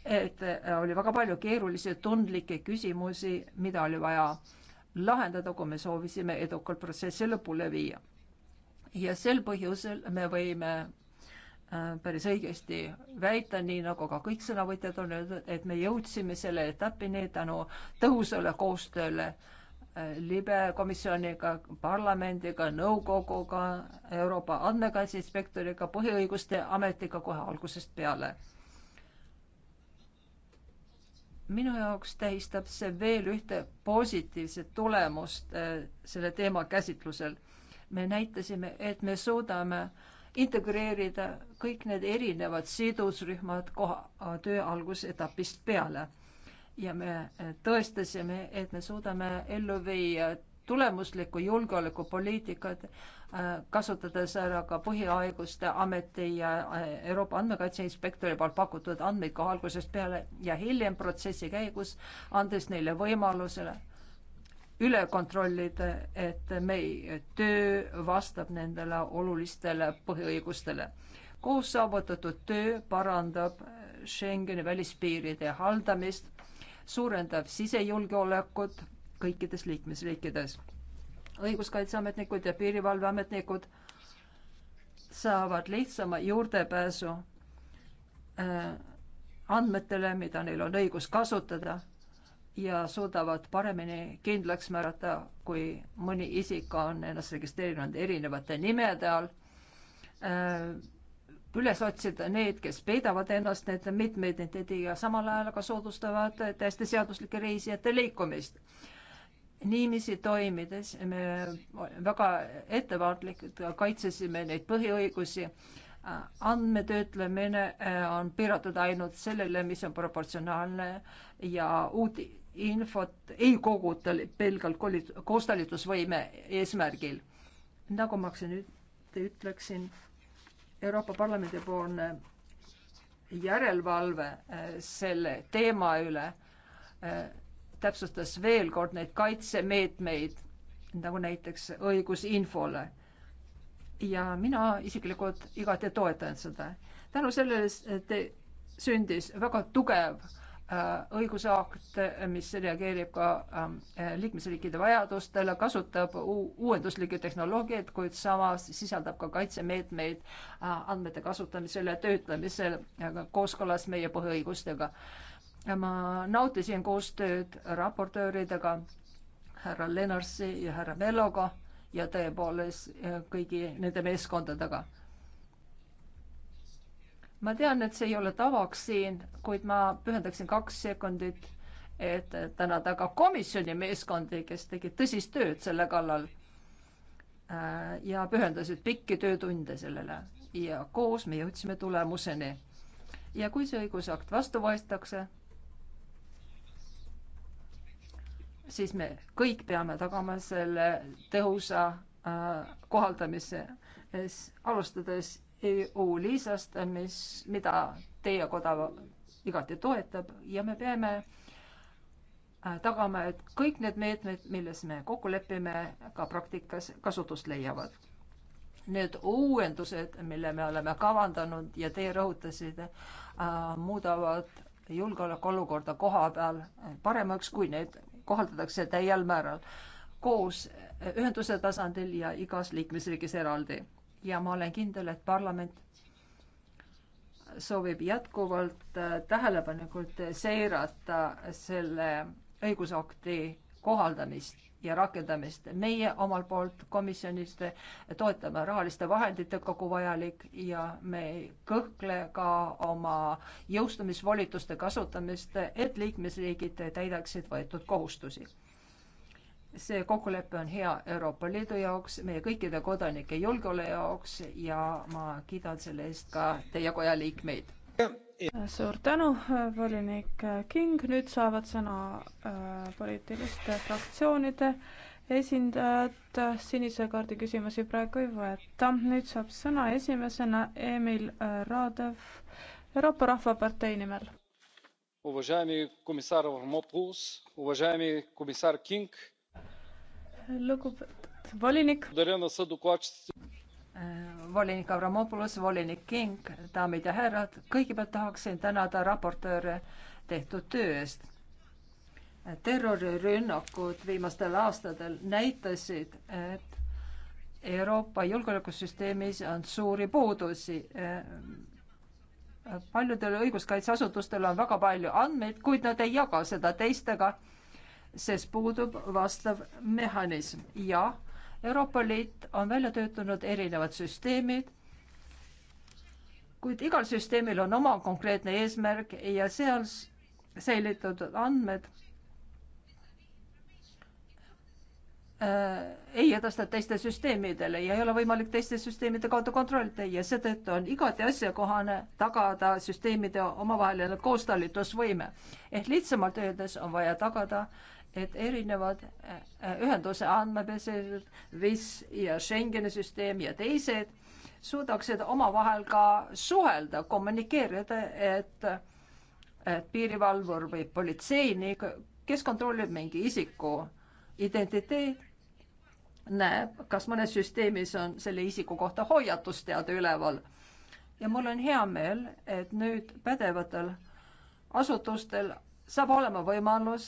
et äh, oli väga palju keerulisi, tundlikke küsimusi, mida oli vaja äh, lahendada, kui me soovisime edukalt protsessi lõpule viia. ja sel põhjusel me võime äh, päris õigesti väita, nii nagu ka kõik sõnavõtjad on öelnud, et me jõudsime selle etapini tänu tõhusale koostööle äh, libe komisjoniga, parlamendiga, nõukoguga, Euroopa andmekaitseinspektoriga, põhiõiguste ametiga kohe algusest peale minu jaoks tähistab see veel ühte positiivset tulemust äh, selle teema käsitlusel. me näitasime, et me suudame integreerida kõik need erinevad sidusrühmad koha, äh, töö algusetapist peale. ja me äh, tõestasime, et me suudame ellu viia tulemuslikku julgeolekupoliitikat Äh, kasutades ära ka Põhihaiguste Ameti ja äh, Euroopa Andmekaitse Inspektori poolt pakutud andmeid kohe algusest peale ja hiljem protsessi käigus, andes neile võimalusele üle kontrollida, et meie töö vastab nendele olulistele põhiõigustele. koos saavutatud töö parandab Schengeni välispiiride haldamist, suurendab sisejulgeolekut kõikides liikmesriikides õiguskaitseametnikud ja piirivalveametnikud saavad lihtsama juurdepääsu äh, andmetele, mida neil on õigus kasutada ja suudavad paremini kindlaks määrata, kui mõni isik on ennast registreerinud erinevate nimede all. Äh, üles otsida need, kes peidavad ennast nende mitmeidentiteedi ja samal ajal aga soodustavad täiesti seaduslike reisijate liikumist niiviisi toimides me väga ettevaatlikult kaitsesime neid põhiõigusi. andmetöötlemine äh, on piiratud ainult sellele, mis on proportsionaalne ja uut infot ei koguta pelgalt koostalitusvõime eesmärgil. nagu ma nüüd ütleksin, Euroopa Parlamendi poolne järelevalve äh, selle teema üle äh, täpsustas veel kord neid kaitsemeetmeid, nagu näiteks õigus infole. ja mina isiklikult igati toetan seda. tänu sellele sündis väga tugev äh, õigusakt, mis reageerib ka äh, liikmesriikide vajadustele, kasutab uuenduslikke tehnoloogiaid, kuid samas sisaldab ka kaitsemeetmeid äh, andmete kasutamisel ja töötlemisel äh, kooskõlas meie põhiõigustega äh, ma nautisin koostööd raportööridega, härra Lennartsi ja härra Melloga ja tõepoolest eh, kõigi nende meeskondadega. ma tean, et see ei ole tavaks siin, kuid ma pühendaksin kaks sekundit, et tänada ka komisjoni meeskondi, kes tegid tõsist tööd selle kallal eh, ja pühendasid pikki töötunde sellele ja koos me jõudsime tulemuseni. ja kui see õigusakt vastu võetakse, siis me kõik peame tagama selle tõhusa äh, kohaldamise, alustades EU liisast, mis, mida teie koda igati toetab ja me peame äh, tagama, et kõik need meetmed, milles me kokku lepime, ka praktikas kasutust leiavad. Need uuendused, mille me oleme kavandanud ja teie rõhutasite äh,, muudavad julgeolekuolukorda koha peal äh, paremaks, kui need kohaldatakse täiel määral koos eh, ühenduse tasandil ja igas liikmesriigis eraldi. ja ma olen kindel, et parlament soovib jätkuvalt eh, tähelepanelikult seirata selle õigusakti kohaldamist ja rakendamist. meie omalt poolt komisjonist toetame rahaliste vahenditega, kui vajalik ja me ei kõhkle ka oma jõustumisvolituste kasutamist, et liikmesriigid täidaksid võetud kohustusi see kokkulepe on hea Euroopa Liidu jaoks, meie kõikide kodanike julgeoleku jaoks ja ma kiidan selle eest ka teie koja liikmeid suur tänu, volinik King, nüüd saavad sõna äh, poliitiliste fraktsioonide esindajad, sinise kaardi küsimusi praegu ei võeta, nüüd saab sõna esimesena Emil äh, Raadev Euroopa Rahvapartei nimel. lugupeetud volinik. Äh, volinik Avramopoulos, volinik King, daamid ja härrad, kõigepealt tahaksin tänada raportööre tehtud töö eest. terrorirünnakud viimastel aastatel näitasid, et Euroopa julgeolekusüsteemis on suuri puudusi. Äh, paljudel õiguskaitseasutustel on väga palju andmeid, kuid nad ei jaga seda teistega, sest puudub vastav mehhanism ja Euroopa Liit on välja töötanud erinevad süsteemid, kuid igal süsteemil on oma konkreetne eesmärk ja seal säilitatud andmed äh, ei edasta teiste süsteemidele ja ei ole võimalik teiste süsteemide kaudu kontrollida ja seetõttu on igati asjakohane tagada süsteemide omavaheline koostalitusvõime. ehk lihtsamalt öeldes on vaja tagada äh, et erinevad äh, ühenduse andmepesed, WIS ja Schengeni süsteem ja teised suudaksid omavahel ka suhelda, kommunikeerida, et, et piirivalvur või politseinik, kes kontrollib mingi isiku identiteet, näeb, kas mõnes süsteemis on selle isiku kohta hoiatusteade üleval. ja mul on hea meel, et nüüd pädevatel asutustel saab olema võimalus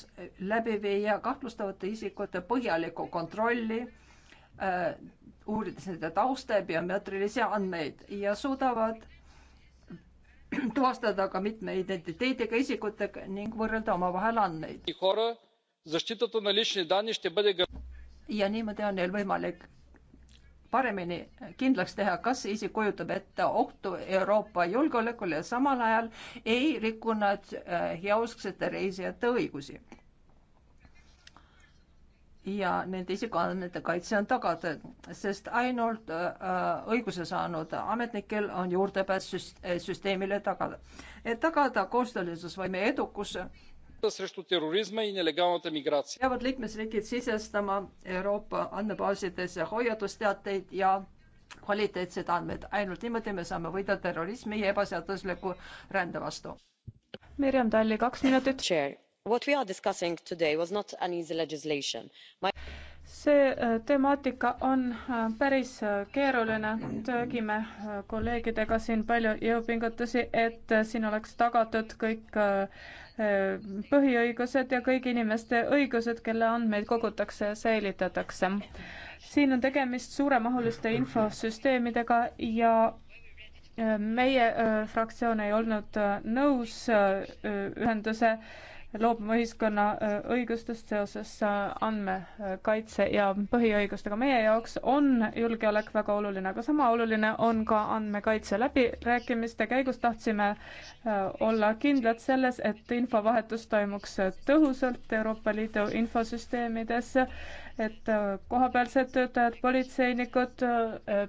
läbi viia kahtlustavate isikute põhjalikku kontrolli äh,, uurides nende tausta ja biomeetrilisi andmeid ja suudavad tuvastada ka mitme identiteediga isikutega ning võrrelda omavahel andmeid. ja niimoodi on neil võimalik paremini kindlaks teha, kas ISIL kujutab ette ohtu Euroopa julgeolekule ja samal ajal ei riku nad äh, heausksete reisijate õigusi. ja nende isikuandmete kaitse on tagatud, sest ainult äh, õiguse saanud ametnikel on juurdepääs äh, süsteemile tagada. et tagada koostöölisusvõime edukus peavad liikmesriigid sisestama Euroopa andmebaasidesse hoiatusteateid ja kvaliteetsed andmed. ainult niimoodi me saame võidelda terrorismi ja ebaseadusliku rände vastu. Mirjam Talli, kaks minutit. What we are discussing today was not an easy legislation My see äh, temaatika on äh, päris äh, keeruline, tegime kolleegidega siin palju jõupingutusi, et siin oleks tagatud kõik põhiõigused ja kõigi inimeste õigused, kelle andmeid kogutakse ja säilitatakse. siin on tegemist suuremahuliste infosüsteemidega ja meie fraktsioon ei olnud nõus ühenduse loobuma ühiskonna äh, õigustest seoses äh, andmekaitse ja põhiõigustega. meie jaoks on julgeolek väga oluline, aga sama oluline on ka andmekaitse. läbirääkimiste käigus tahtsime äh, olla kindlad selles, et infovahetus toimuks tõhusalt Euroopa Liidu infosüsteemides, et kohapealsed töötajad, politseinikud,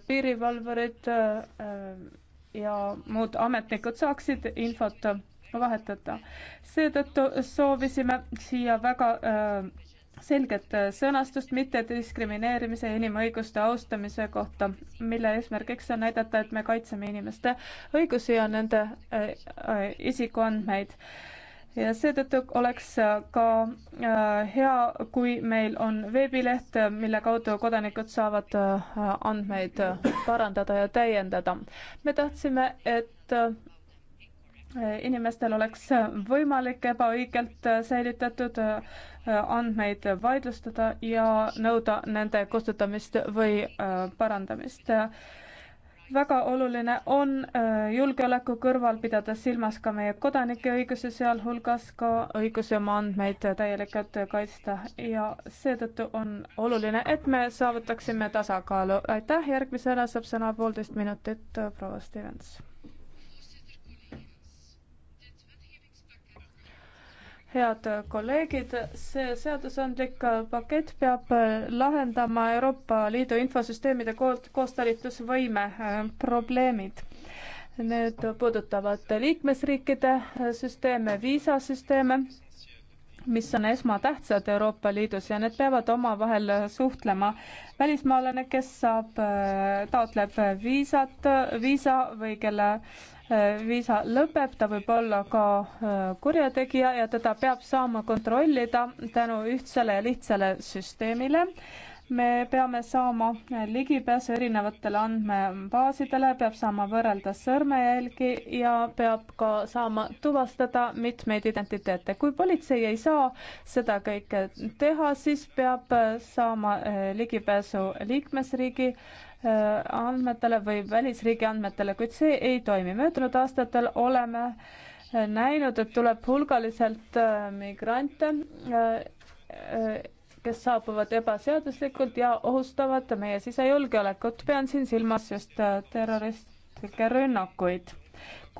piirivalvurid ja muud ametnikud saaksid infot vahetada. seetõttu soovisime siia väga äh, selget äh, sõnastust mittediskrimineerimise ja inimõiguste austamise kohta, mille eesmärgiks on näidata, et me kaitseme inimeste õigusi ja nende äh, äh, isikuandmeid ja seetõttu oleks äh, ka äh, hea, kui meil on veebileht, mille kaudu kodanikud saavad andmeid parandada ja täiendada. me tahtsime, et inimestel oleks võimalik ebaõigelt säilitatud äh, andmeid vaidlustada ja nõuda nende kustutamist või äh, parandamist. väga oluline on äh, julgeoleku kõrval pidada silmas ka meie kodanike õigusi, sealhulgas ka õigusi oma andmeid täielikult kaitsta ja seetõttu on oluline, et me saavutaksime tasakaalu. aitäh, järgmisena saab sõna poolteist minutit proua Stevens head kolleegid, see seadusandlik pakett peab lahendama Euroopa Liidu infosüsteemide koostalitlusvõime äh, probleemid. Need puudutavad liikmesriikide äh, süsteeme, viisasüsteeme, mis on esmatähtsad Euroopa Liidus ja need peavad omavahel äh, suhtlema. välismaalane, kes saab, taotleb viisat, viisa või kelle äh, Äh, viisa lõpeb, ta võib olla ka äh, kurjategija ja teda peab saama kontrollida tänu ühtsele ja lihtsale süsteemile. me peame saama äh, ligipääsu erinevatele andmebaasidele, peab saama võrrelda sõrmejälgi ja peab ka saama tuvastada mitmeid identiteete. kui politsei ei saa seda kõike teha, siis peab saama ligipääsu liikmesriigi äh, Äh, andmetele või välisriigi andmetele, kuid see ei toimi. möödunud aastatel oleme äh, näinud, et tuleb hulgaliselt äh, migrante, kes saabuvad ebaseaduslikult ja ohustavad meie sisejulgeolekut. pean siin silmas just terroristlikke rünnakuid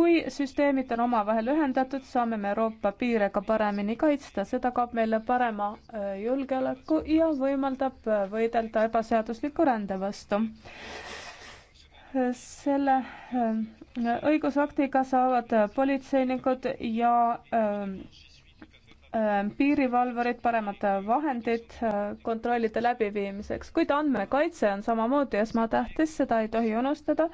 kui süsteemid on omavahel ühendatud, saame me Euroopa piire ka paremini kaitsta, see tagab meile parema äh, julgeoleku ja võimaldab äh, võidelda ebaseadusliku rände vastu. selle äh, õigusaktiga saavad politseinikud ja piirivalvurid paremad vahendid kontrollide läbiviimiseks, kuid andmekaitse on samamoodi esmatähtis, seda ei tohi unustada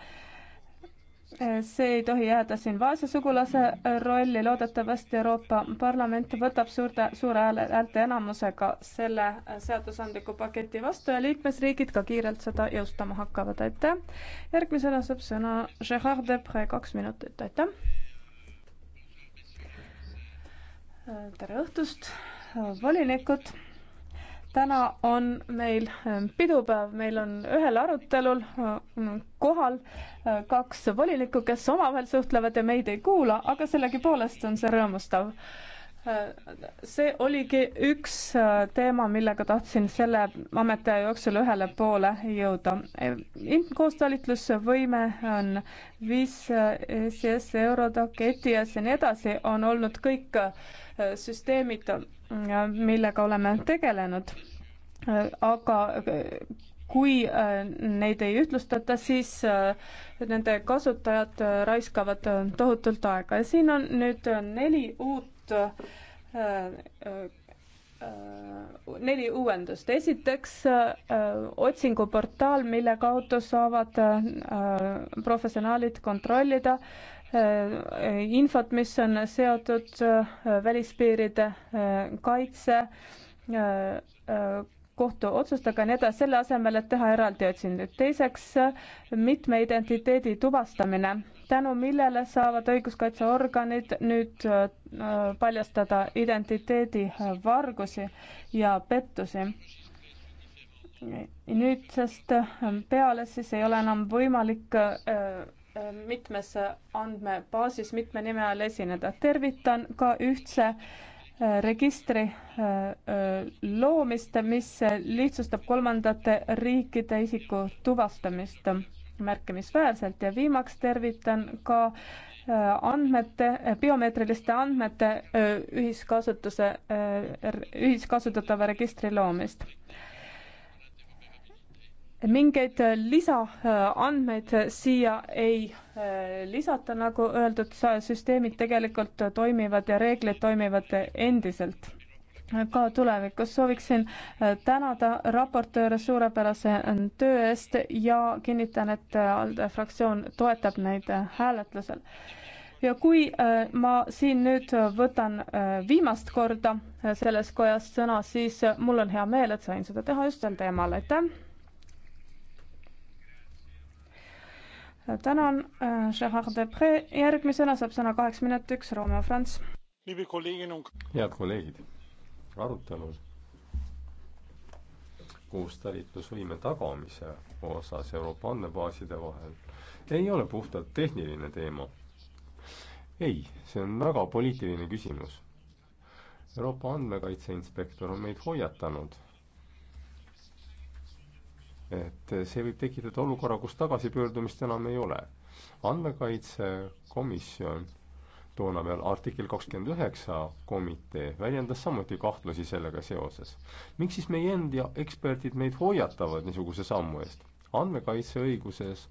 see ei tohi jääda siin vaese sugulase rolli, loodetavasti Euroopa Parlament võtab suurte, suure hääle, häälte enamusega selle seadusandliku paketi vastu ja liikmesriigid ka kiirelt seda jõustama hakkavad, aitäh. järgmisena saab sõna Gerard Depre, kaks minutit, aitäh. tere õhtust, volinikud täna on meil ähm, pidupäev, meil on ühel arutelul äh, kohal äh, kaks volinikku, kes omavahel suhtlevad ja meid ei kuula, aga sellegipoolest on see rõõmustav see oligi üks äh, teema, millega tahtsin selle ametiaja jooksul ühele poole jõuda. koostalitlusvõime on viis äh, SES, Eurodac, ETIAS ja nii edasi, on olnud kõik äh, süsteemid, millega oleme tegelenud. aga kui neid ei ühtlustata, siis nende kasutajad raiskavad tohutult aega ja siin on nüüd neli uut uut äh, äh, neli uuendust. esiteks äh, otsinguportaal, mille kaudu saavad professionaalid kontrollida infot, mis on seotud välispiiride kaitse, kohtuotsustega ja nii edasi, selle asemel, et teha eraldi otsinguid. teiseks, mitme identiteedi tuvastamine tänu millele saavad õiguskaitseorganid nüüd äh, paljastada identiteedivargusi ja pettusi. nüüdsest peale siis ei ole enam võimalik äh, äh, mitmes andmebaasis mitme nime all esineda. tervitan ka ühtse registri loomist, mis lihtsustab kolmandate riikide isiku tuvastamist märkimisväärselt ja viimaks tervitan ka äh, andmete, äh, biomeetriliste andmete äh, ühiskasutuse, ühiskasutatava registri loomist. mingeid lisaandmeid siia ei lisata, nagu öeldud, süsteemid tegelikult toimivad ja reeglid toimivad endiselt ka tulevikus. sooviksin äh, tänada raportööre suurepärase äh, töö eest ja kinnitan, et äh, ALDE fraktsioon toetab neid hääletusel. ja kui ma siin nüüd võtan viimast korda selles kojas sõna, siis mul on hea meel, et sain seda teha just sel teemal, aitäh. tänan, Gerard Depree, järgmisena saab sõna kaheks minutiks Rooma Franz. head kolleegid arutelul koos talitlusvõime tagamise osas Euroopa andmebaaside vahel ei ole puhtalt tehniline teema. ei, see on väga poliitiline küsimus. Euroopa andmekaitse inspektor on meid hoiatanud, et see võib tekitada olukorra, kus tagasipöördumist enam ei ole. andmekaitsekomisjon toona veel artikkel kakskümmend üheksa komitee väljendas samuti kahtlusi sellega seoses. miks siis meie endi eksperdid meid hoiatavad niisuguse sammu eest? andmekaitseõiguses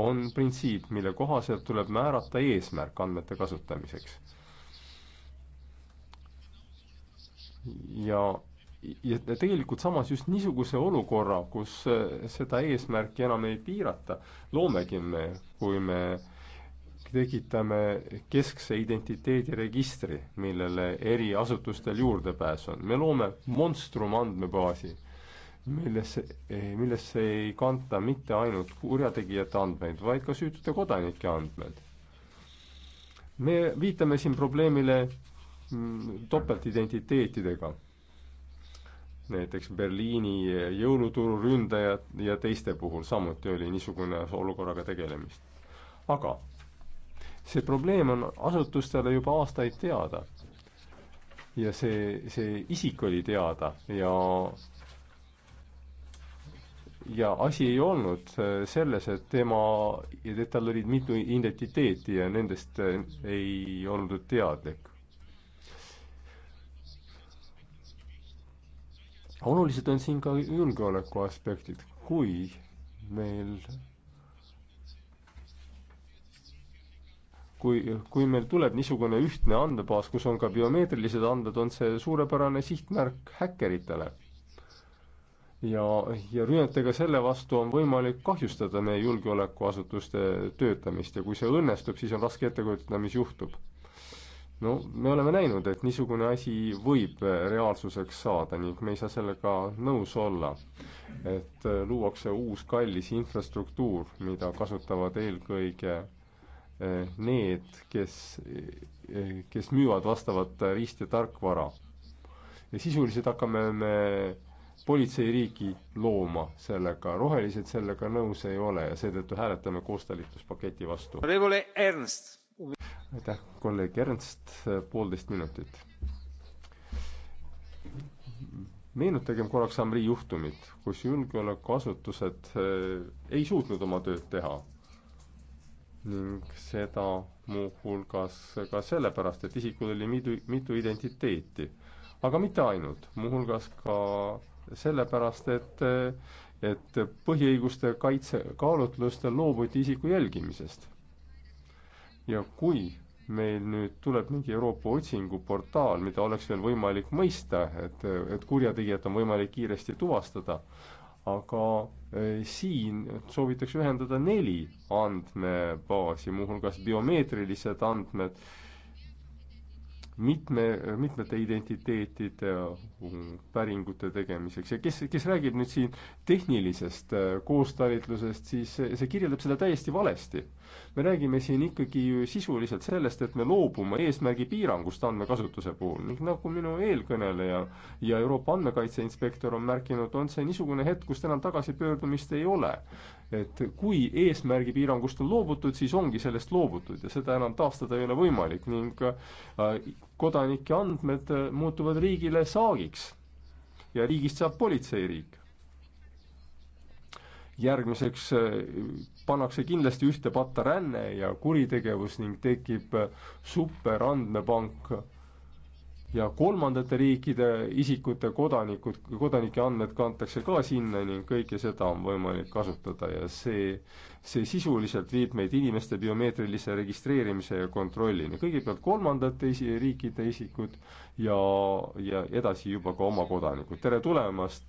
on printsiip, mille kohaselt tuleb määrata eesmärk andmete kasutamiseks. ja, ja tegelikult samas just niisuguse olukorra, kus eh, seda eesmärki enam ei piirata, loomegi me, kui me äh, tekitame keskse identiteediregistri, millele eri asutustel juurdepääs on. me loome monstrum andmebaasi, millesse, millesse ei kanta mitte ainult kurjategijate andmeid, vaid ka süütute kodanike andmed. me viitame siin probleemile mm, topeltidentiteetidega. näiteks Berliini jõuluturu ründajad ja teiste puhul samuti oli niisugune olukorraga tegelemist. aga see probleem on asutustele juba aastaid teada. ja see, see isik oli teada ja ja asi ei olnud selles, et tema, et tal olid mitu identiteeti ja nendest ei olnud teadlik. olulised on siin ka julgeoleku aspektid, kui meil kui, kui meil tuleb niisugune ühtne andmebaas, kus on ka biomeetrilised andmed, on see suurepärane sihtmärk häkkeritele. ja, ja rünnetega selle vastu on võimalik kahjustada meie julgeolekuasutuste töötamist ja kui see õnnestub, siis on raske ette kujutada, mis juhtub. no me oleme näinud, et niisugune asi võib reaalsuseks saada ning me ei saa sellega nõus olla. et luuakse uus kallis infrastruktuur, mida kasutavad eelkõige need, kes, kes müüvad vastavat riist- ja tarkvara. ja sisuliselt hakkame me politseiriiki looma sellega, rohelised sellega nõus ei ole ja seetõttu hääletame koostalituspaketti vastu. aitäh, kolleeg Ernst, poolteist minutit. meenutagem korraks Amri juhtumit, kus julgeolekuasutused eh, ei suutnud oma tööd teha ning seda muuhulgas ka sellepärast, et isikul oli mitu, mitu identiteeti. aga mitte ainult, muuhulgas ka sellepärast, et, et põhiõiguste kaitse kaalutlustel loobuti isiku jälgimisest. ja kui meil nüüd tuleb mingi Euroopa otsinguportaal, mida oleks veel võimalik mõista, et, et kurjategijat on võimalik kiiresti tuvastada, aga äh, siin soovitakse ühendada neli andmebaasi, muuhulgas biomeetrilised andmed, mitme, mitmete identiteetide äh, päringute tegemiseks ja kes, kes räägib nüüd siin tehnilisest äh, koostalitlusest, siis see kirjeldab seda täiesti valesti me räägime siin ikkagi ju sisuliselt sellest, et me loobume eesmärgi piirangust andmekasutuse puhul ning nagu minu eelkõneleja ja Euroopa andmekaitse inspektor on märkinud, on see niisugune hetk, kust enam tagasipöördumist ei ole. et kui eesmärgi piirangust on loobutud, siis ongi sellest loobutud ja seda enam taastada ei ole võimalik ning äh, kodanike andmed äh, muutuvad riigile saagiks ja riigist saab politseiriik järgmiseks äh, pannakse kindlasti ühte patta ränne ja kuritegevus ning tekib superandmepank ja kolmandate riikide isikute kodanikud, kodanike andmed kantakse ka sinna ning kõike seda on võimalik kasutada ja see, see sisuliselt viib meid inimeste biomeetrilise registreerimise ja kontrollini. kõigepealt kolmandate isi-, riikide isikud ja, ja edasi juba ka oma kodanikud. tere tulemast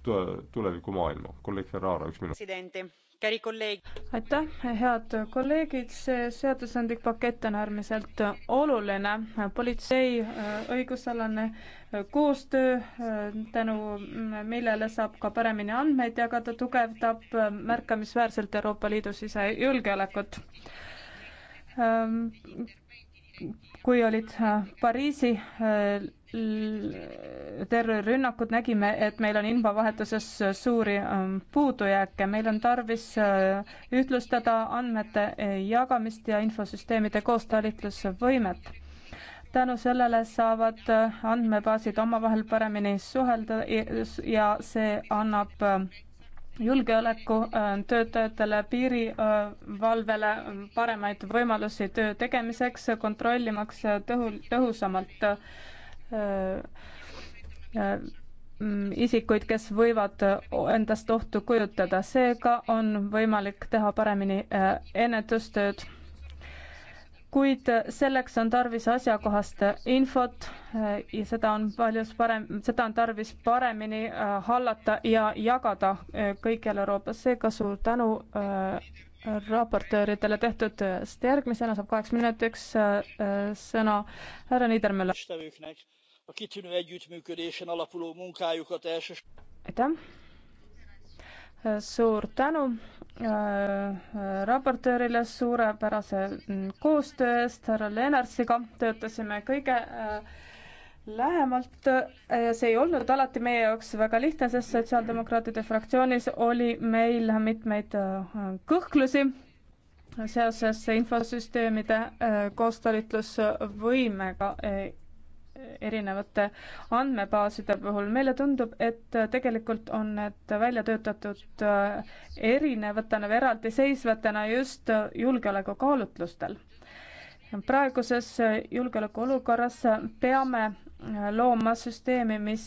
tulevikumaailma, kolleeg Ferrara, üks minut aitäh, head kolleegid, see seadusandlik pakett on äärmiselt oluline. politsei äh, õigusalane äh, koostöö, äh, tänu mm, millele saab ka paremini andmeid jagada, tugevdab märkimisväärselt Euroopa Liidu sisejulgeolekut ähm, kui olid äh, Pariisi äh, terrorirünnakud, nägime, et meil on infovahetuses suuri ähm, puudujääke, meil on tarvis äh, ühtlustada andmete jagamist ja infosüsteemide koostalitlusvõimet. tänu sellele saavad andmebaasid omavahel paremini suhelda ja see annab julgeolekutöötajatele, äh, piirivalvele äh, paremaid võimalusi töö tegemiseks, kontrollimaks tõhu-, tõhusamalt äh, mm, isikuid, kes võivad endast ohtu kujutada. seega on võimalik teha paremini ennetustööd kuid selleks on tarvis asjakohast infot eh, ja seda on palju parem, seda on tarvis paremini eh, hallata ja jagada eh, kõikjal Euroopas, seega suur tänu raportööridele tehtud tööst. järgmisena saab kaheks minutiks sõna härra Niedermüller. aitäh suur tänu äh, äh, raportöörile suurepärase mm, koostöö eest, härra Lennartsiga töötasime kõige äh, lähemalt ja see ei olnud alati meie jaoks väga lihtne, sest Sotsiaaldemokraatide fraktsioonis oli meil mitmeid kõhklusi seoses infosüsteemide koostalitlusvõimega erinevate andmebaaside puhul. meile tundub, et tegelikult on need välja töötatud äh, erinevatena või eraldiseisvatena just julgeoleku kaalutlustel. praeguses äh, julgeolekuolukorras äh, peame looma süsteemi, mis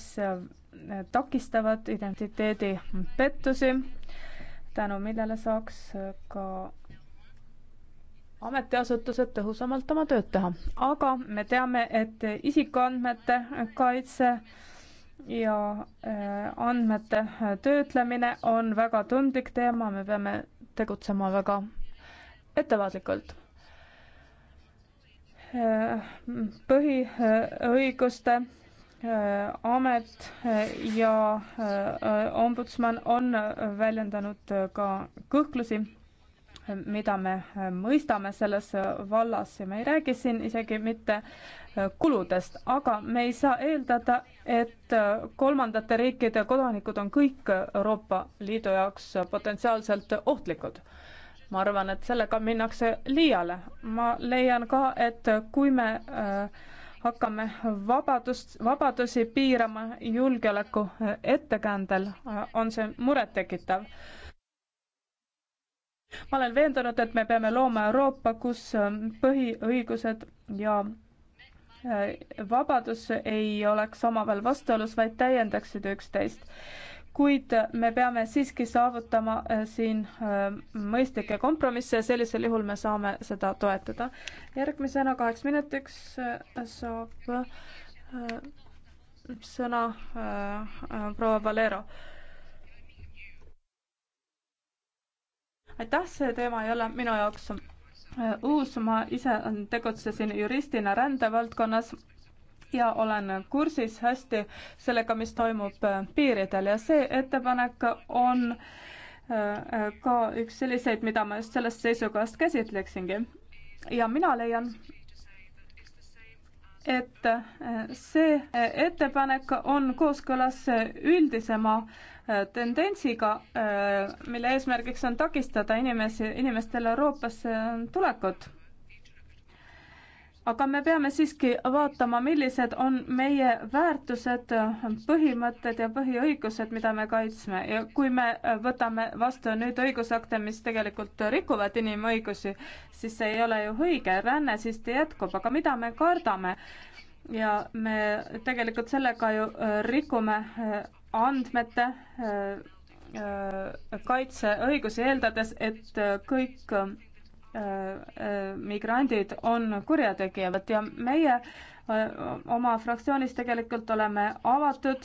takistavad identiteedipettusi, tänu millele saaks ka ametiasutused tõhusamalt oma tööd teha, aga me teame, et isikuandmete kaitse ja äh, andmete töötlemine on väga tundlik teema, me peame tegutsema väga ettevaatlikult äh, põhiõiguste äh, amet ja ombudsman on väljendanud ka kõhklusi mida me äh, mõistame selles äh, vallas ja me ei räägi siin isegi mitte äh, kuludest, aga me ei saa eeldada, et kolmandate riikide kodanikud on kõik Euroopa Liidu jaoks potentsiaalselt ohtlikud ma arvan, et sellega minnakse liiale. ma leian ka, et kui me äh, hakkame vabadust, vabadusi piirama julgeoleku ettekäändel, on see murettekitav ma olen veendunud, et me peame looma Euroopa, kus ähm, põhiõigused ja äh, vabadus ei oleks omavahel vastuolus, vaid täiendaksid üksteist. kuid äh, me peame siiski saavutama äh, siin ähm, mõistlikke kompromisse ja sellisel juhul me saame seda toetada. järgmisena kaheks minutiks saab sõna proua Valero aitäh, see teema ei ole minu jaoks äh, uus, ma ise tegutsesin juristina rändevaldkonnas ja olen kursis hästi sellega, mis toimub äh, piiridel ja see ettepanek on äh, ka üks selliseid, mida ma just sellest seisukohast käsitleksingi. ja mina leian, et see ettepanek on kooskõlas üldisema Äh, tendentsiga, äh, mille eesmärgiks on takistada inimesi, inimestel Euroopasse äh, tulekut. aga me peame siiski vaatama, millised on meie väärtused, põhimõtted ja põhiõigused, mida me kaitsme ja kui me võtame vastu nüüd õigusakte, mis tegelikult rikuvad inimõigusi, siis see ei ole ju õige, ränne siiski jätkub, aga mida me kardame? ja me tegelikult sellega ju rikume andmete äh, äh, kaitseõigusi, eeldades, et äh, kõik migrandid on kurjategijad ja meie oma fraktsioonis tegelikult oleme avatud,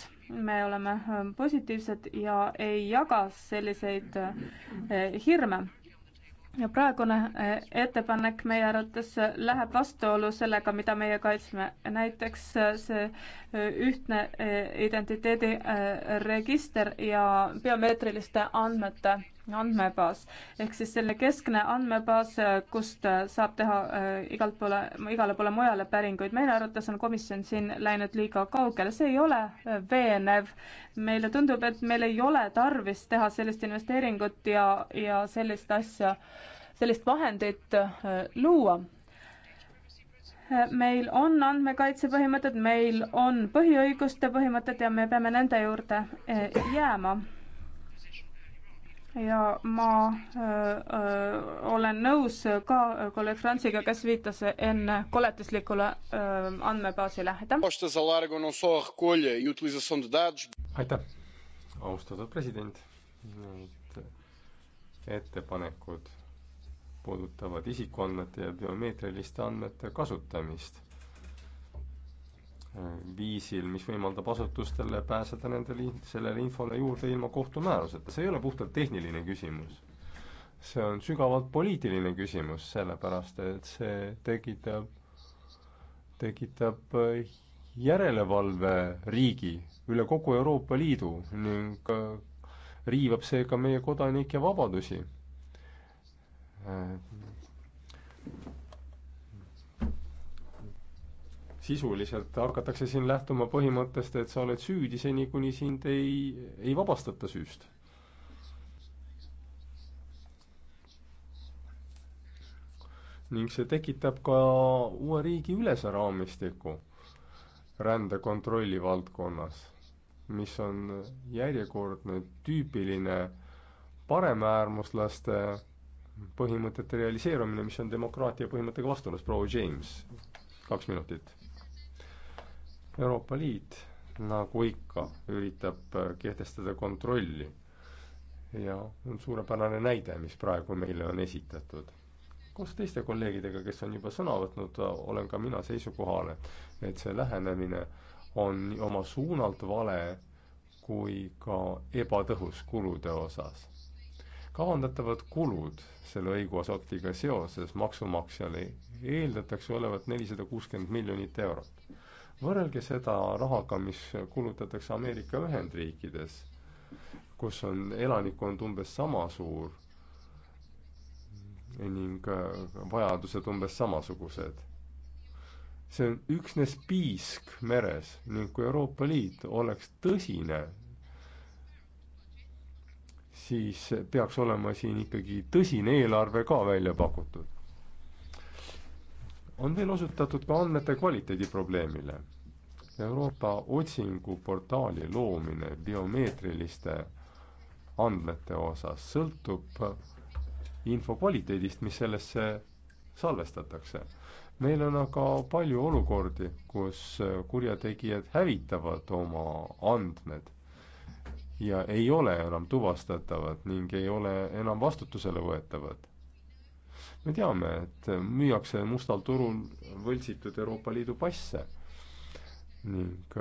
me oleme positiivsed ja ei jaga selliseid hirme ja praegune e, ettepanek meie arvates läheb vastuollu sellega, mida meie kaitsme. näiteks e, see e, ühtne identiteediregister ja biomeetriliste andmete andmebaas ehk siis selline keskne andmebaas, äh, kust äh, saab teha äh, igalt poole, igale poole mujale päringuid. meie arvates on komisjon siin läinud liiga kaugele, see ei ole veenev. meile tundub, et meil ei ole tarvis teha sellist investeeringut ja, ja sellist asja, sellist vahendit luua meil on andmekaitse põhimõtted, meil on põhiõiguste põhimõtted ja me peame nende juurde jääma ja ma öö, äh, äh, olen nõus ka kolleeg Franziga, kes viitas enne koletislikule öö, äh, andmebaasile, aitäh. E aitäh, austatud president. Need ettepanekud puudutavad isikuandmete ja biomeetriliste andmete kasutamist viisil, mis võimaldab asutustele pääseda nendele, sellele infole juurde ilma kohtumääruseta. see ei ole puhtalt tehniline küsimus. see on sügavalt poliitiline küsimus, sellepärast et see tekitab, tekitab järelevalveriigi üle kogu Euroopa Liidu ning äh, riivab seega meie kodanike vabadusi äh, sisuliselt hakatakse siin lähtuma põhimõttest, et sa oled süüdi seni, kuni sind ei, ei vabastata süüst. ning see tekitab ka uue riigi ülese raamistiku rändekontrolli valdkonnas, mis on järjekordne tüüpiline paremäärmuslaste põhimõtete realiseerumine, mis on demokraatia põhimõttega vastuolus, proua James, kaks minutit Euroopa Liit, nagu ikka, üritab äh, kehtestada kontrolli ja on suurepärane näide, mis praegu meile on esitatud. koos teiste kolleegidega, kes on juba sõna võtnud, äh, olen ka mina seisukohal, et see lähenemine on nii oma suunalt vale kui ka ebatõhus kulude osas. kavandatavad kulud selle õigusaktiga seoses maksumaksjale eeldatakse olevat nelisada kuuskümmend miljonit eurot võrrelge seda rahaga, mis kulutatakse Ameerika Ühendriikides, kus on elanikkond umbes sama suur ning äh, vajadused umbes samasugused. see on üksnes piisk meres ning kui Euroopa Liit oleks tõsine, siis peaks olema siin ikkagi tõsine eelarve ka välja pakutud on veel osutatud ka andmete kvaliteedi probleemile. Euroopa otsinguportaali loomine biomeetriliste andmete osas sõltub info kvaliteedist, mis sellesse salvestatakse. meil on aga palju olukordi, kus kurjategijad hävitavad oma andmed ja ei ole enam tuvastatavad ning ei ole enam vastutusele võetavad me teame, et müüakse mustal turul võltsitud Euroopa Liidu passe ning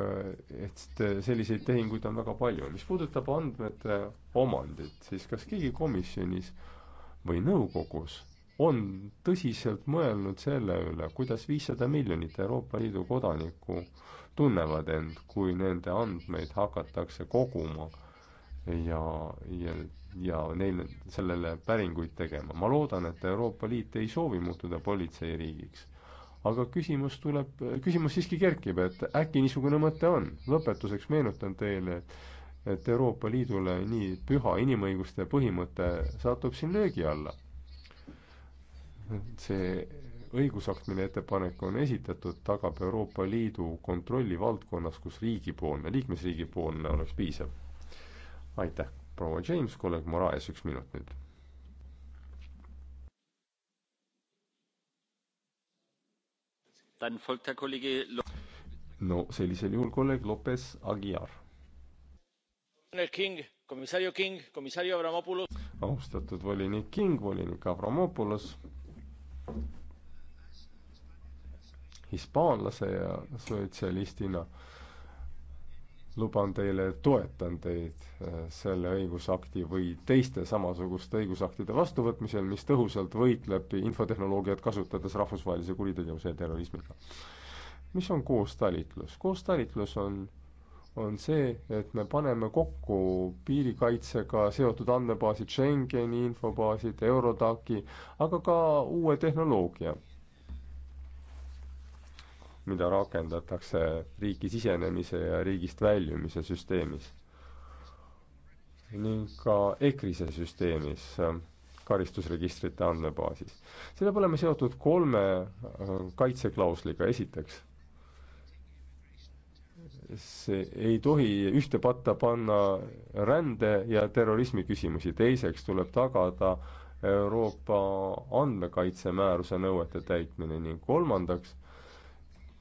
et selliseid tehinguid on väga palju. mis puudutab andmete omandit, siis kas keegi komisjonis või nõukogus on tõsiselt mõelnud selle üle, kuidas viissada miljonit Euroopa Liidu kodanikku tunnevad end, kui nende andmeid hakatakse koguma ja, ja ja neil sellele päringuid tegema. ma loodan, et Euroopa Liit ei soovi muutuda politseiriigiks. aga küsimus tuleb, küsimus siiski kerkib, et äkki niisugune mõte on. lõpetuseks meenutan teile, et et Euroopa Liidule nii püha inimõiguste põhimõte satub siin löögi alla. see õigusakt, mille ettepanek on esitatud, tagab Euroopa Liidu kontrolli valdkonnas, kus riigipoolne, liikmesriigi poolne oleks piisav. aitäh! proua James, kolleeg Moraes, üks minut nüüd. no sellisel juhul kolleeg Lopez Aguiar. austatud volinik King, volinik Avramopoulos. hispaanlase ja sotsialistina äh, luban teile, et toetan teid äh, selle õigusakti või teiste samasuguste õigusaktide vastuvõtmisel, mis tõhusalt võitleb infotehnoloogiat kasutades rahvusvahelise kuritegevuse ja terrorismiga. mis on koostalitlus? koostalitlus on, on see, et me paneme kokku piirikaitsega seotud andmebaasid, Schengeni infobaasid, Eurodaci, aga ka uue tehnoloogia mida rakendatakse riiki sisenemise ja riigist väljumise süsteemis ning ka EKRISE süsteemis, karistusregistrite andmebaasis. see peab olema seotud kolme äh, kaitseklausliga, esiteks, see ei tohi ühte patta panna rände- ja terrorismi küsimusi, teiseks tuleb tagada Euroopa andmekaitsemääruse nõuete täitmine ning kolmandaks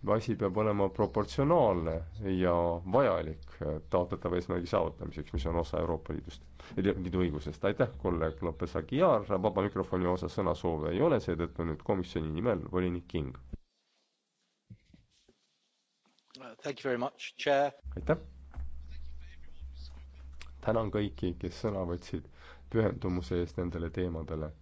asi peab olema proportsionaalne ja vajalik taotletava eesmärgi saavutamiseks, mis on osa Euroopa Liidust, Liidu õigusest. aitäh, kolleeg Lopez Aguiar, vaba mikrofoni osas sõnasoove ei ole, seetõttu nüüd komisjoni nimel volinik King. aitäh! tänan kõiki, kes sõna võtsid pühendumuse eest nendele teemadele